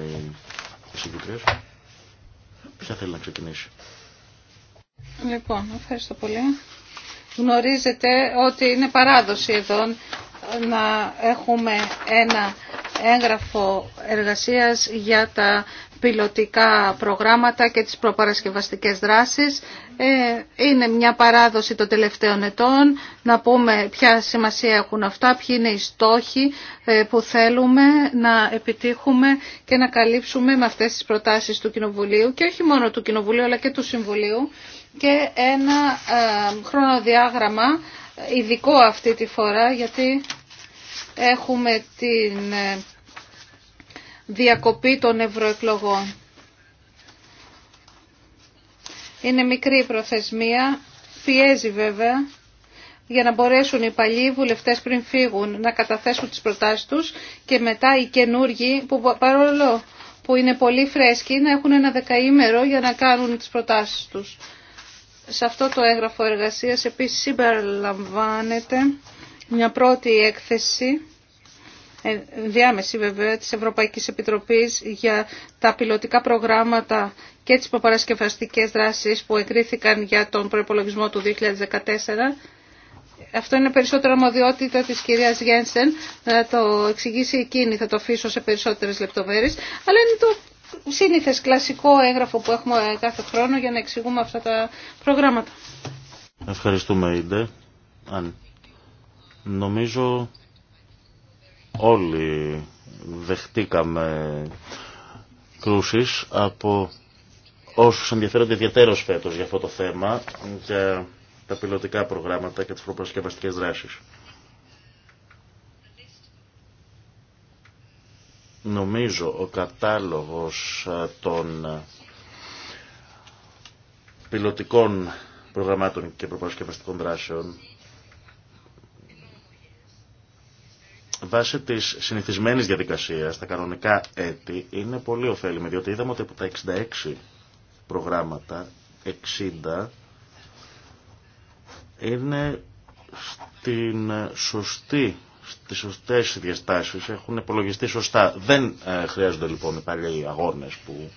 οι συγκεκριές. Ποια θέλει να ξεκινήσει. Λοιπόν, ευχαριστώ πολύ. Γνωρίζετε ότι είναι παράδοση εδώ να έχουμε ένα έγγραφο εργασίας για τα πιλωτικά προγράμματα και τις προπαρασκευαστικές δράσεις. Ε, είναι μια παράδοση των τελευταίων ετών να πούμε ποια σημασία έχουν αυτά, ποιοι είναι οι στόχοι ε, που θέλουμε να επιτύχουμε και να καλύψουμε με αυτές τις προτάσεις του Κοινοβουλίου και όχι μόνο του Κοινοβουλίου αλλά και του Συμβουλίου και ένα ε, χρονοδιάγραμμα ειδικό αυτή τη φορά γιατί έχουμε την ε, διακοπή των ευρωεκλογών. Είναι μικρή η προθεσμία, πιέζει βέβαια για να μπορέσουν οι παλιοί βουλευτές πριν φύγουν να καταθέσουν τις προτάσεις τους και μετά οι καινούργοι που παρόλο που είναι πολύ φρέσκοι να έχουν ένα δεκαήμερο για να κάνουν τις προτάσεις τους. Σε αυτό το έγγραφο εργασίας επίσης συμπεριλαμβάνεται μια πρώτη έκθεση ε, διάμεση βέβαια της Ευρωπαϊκής Επιτροπής για τα πιλωτικά προγράμματα και τις προπαρασκευαστικές δράσεις που εγκρίθηκαν για τον προϋπολογισμό του 2014. Αυτό είναι περισσότερο αμμοδιότητα της κυρίας Γένσεν, να το εξηγήσει εκείνη, θα το αφήσω σε περισσότερες λεπτομέρειες, αλλά είναι το σύνηθες κλασικό έγγραφο που έχουμε κάθε χρόνο για να εξηγούμε αυτά τα προγράμματα. Ευχαριστούμε, Ιντε. Αν... Νομίζω όλοι δεχτήκαμε κρούσεις από όσους ενδιαφέρονται ιδιαίτερως φέτος για αυτό το θέμα, για τα πιλωτικά προγράμματα και τις προπαρασκευαστικές δράσεις. Νομίζω ο κατάλογος των πιλωτικών προγραμμάτων και προπαρασκευαστικών δράσεων βάσει της συνηθισμένη διαδικασίας τα κανονικά έτη, είναι πολύ ωφέλιμη, διότι είδαμε ότι από τα 66 προγράμματα, 60 είναι στην σωστή στις σωστές διαστάσεις έχουν υπολογιστεί σωστά. Δεν ε, χρειάζονται λοιπόν οι παλιοί αγώνες που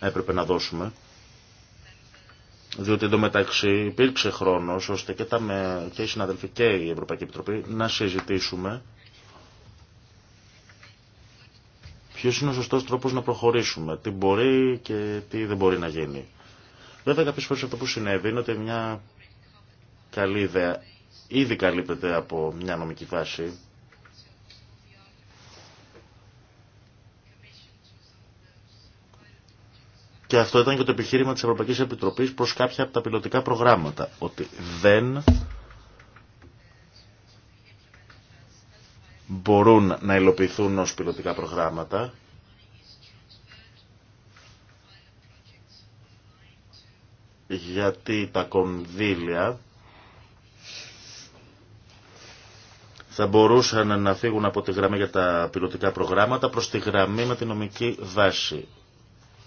έπρεπε να δώσουμε. Διότι εντωμεταξύ υπήρξε χρόνος ώστε και, με, και οι συναδελφοί και η Ευρωπαϊκή Επιτροπή να συζητήσουμε ποιος είναι ο σωστός τρόπος να προχωρήσουμε, τι μπορεί και τι δεν μπορεί να γίνει. Βέβαια κάποιες φορές αυτό που συνέβη είναι ότι μια καλή ιδέα ήδη καλύπτεται από μια νομική βάση. Και αυτό ήταν και το επιχείρημα της Ευρωπαϊκής Επιτροπής προς κάποια από τα πιλωτικά προγράμματα. Ότι δεν μπορούν να υλοποιηθούν ως πιλωτικά προγράμματα γιατί τα κονδύλια θα μπορούσαν να φύγουν από τη γραμμή για τα πιλωτικά προγράμματα προς τη γραμμή με τη νομική βάση.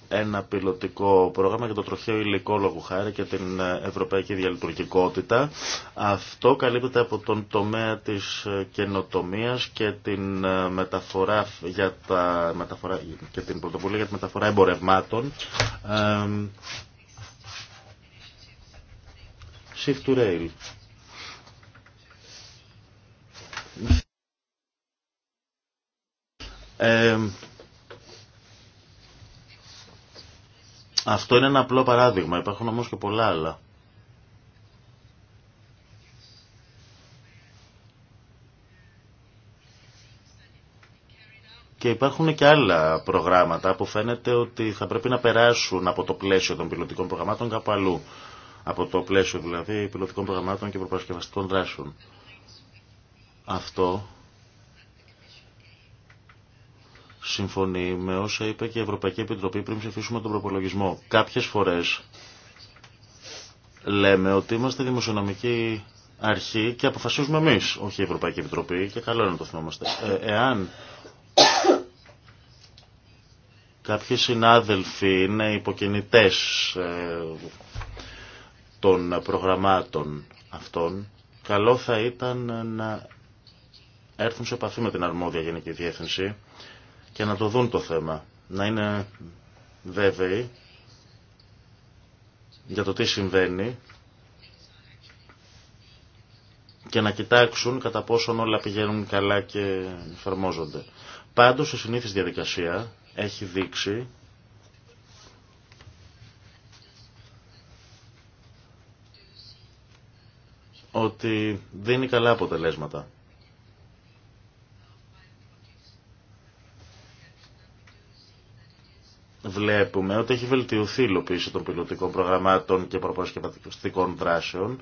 Ένα πιλωτικό πρόγραμμα για το τροχαίο υλικό λόγου χάρη και την ευρωπαϊκή διαλειτουργικότητα. Αυτό καλύπτεται από τον τομέα της καινοτομίας και την ε, μεταφορά, και την πρωτοβουλία για τη μεταφορά εμπορευμάτων. Shift αυτό είναι ένα απλό παράδειγμα. Υπάρχουν όμως και πολλά άλλα. Και υπάρχουν και άλλα προγράμματα που φαίνεται ότι θα πρέπει να περάσουν από το πλαίσιο των πιλωτικών προγραμμάτων κάπου αλλού. Από το πλαίσιο δηλαδή πιλωτικών προγραμμάτων και προπαρασκευαστικών δράσεων. Αυτό συμφωνεί με όσα είπε και η Ευρωπαϊκή Επιτροπή πριν ψηφίσουμε τον προπολογισμό. Κάποιες φορές λέμε ότι είμαστε δημοσιονομική αρχή και αποφασίζουμε εμείς, όχι η Ευρωπαϊκή Επιτροπή και καλό είναι να το θυμόμαστε. Ε, εάν κάποιοι συνάδελφοι είναι υποκινητές ε, των προγραμμάτων αυτών, καλό θα ήταν να έρθουν σε επαφή με την αρμόδια Γενική Διεύθυνση και να το δουν το θέμα. Να είναι βέβαιοι για το τι συμβαίνει και να κοιτάξουν κατά πόσον όλα πηγαίνουν καλά και εφαρμόζονται. Πάντως η συνήθις διαδικασία έχει δείξει ότι δίνει καλά αποτελέσματα. βλέπουμε ότι έχει βελτιωθεί η υλοποίηση των πιλωτικών προγραμμάτων και προπαρασκευαστικών δράσεων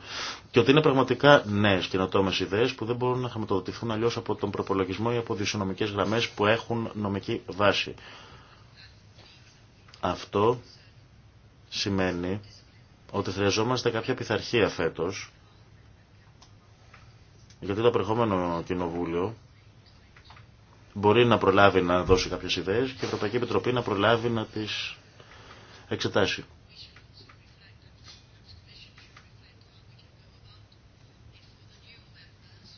και ότι είναι πραγματικά νέε καινοτόμε ιδέε που δεν μπορούν να χρηματοδοτηθούν αλλιώ από τον προπολογισμό ή από δυσονομικές γραμμές που έχουν νομική βάση. Αυτό σημαίνει ότι χρειαζόμαστε κάποια πειθαρχία φέτο γιατί το προηγούμενο κοινοβούλιο μπορεί να προλάβει να δώσει κάποιες ιδέες και η Ευρωπαϊκή Επιτροπή να προλάβει να τις εξετάσει.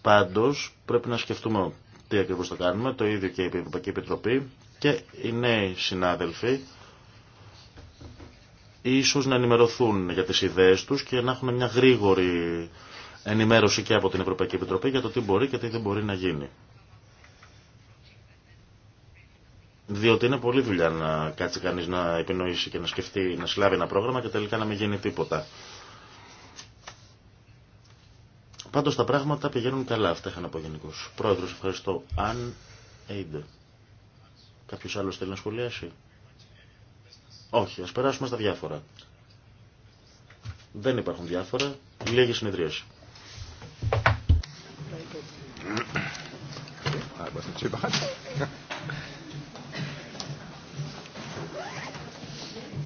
Πάντως πρέπει να σκεφτούμε τι ακριβώς θα κάνουμε, το ίδιο και η Ευρωπαϊκή Επιτροπή και οι νέοι συνάδελφοι ίσως να ενημερωθούν για τις ιδέες τους και να έχουν μια γρήγορη ενημέρωση και από την Ευρωπαϊκή Επιτροπή για το τι μπορεί και τι δεν μπορεί να γίνει. Διότι είναι πολύ δουλειά να κάτσει κανείς να επινοήσει και να σκεφτεί, να συλλάβει ένα πρόγραμμα και τελικά να μην γίνει τίποτα. Πάντως τα πράγματα πηγαίνουν καλά, αυτά είχαν να πω Πρόεδρος, ευχαριστώ. Αν έιντε. Κάποιος άλλος θέλει να σχολιάσει. Όχι, ας περάσουμε στα διάφορα. Δεν υπάρχουν διάφορα. Λίγη συνεδρίαση.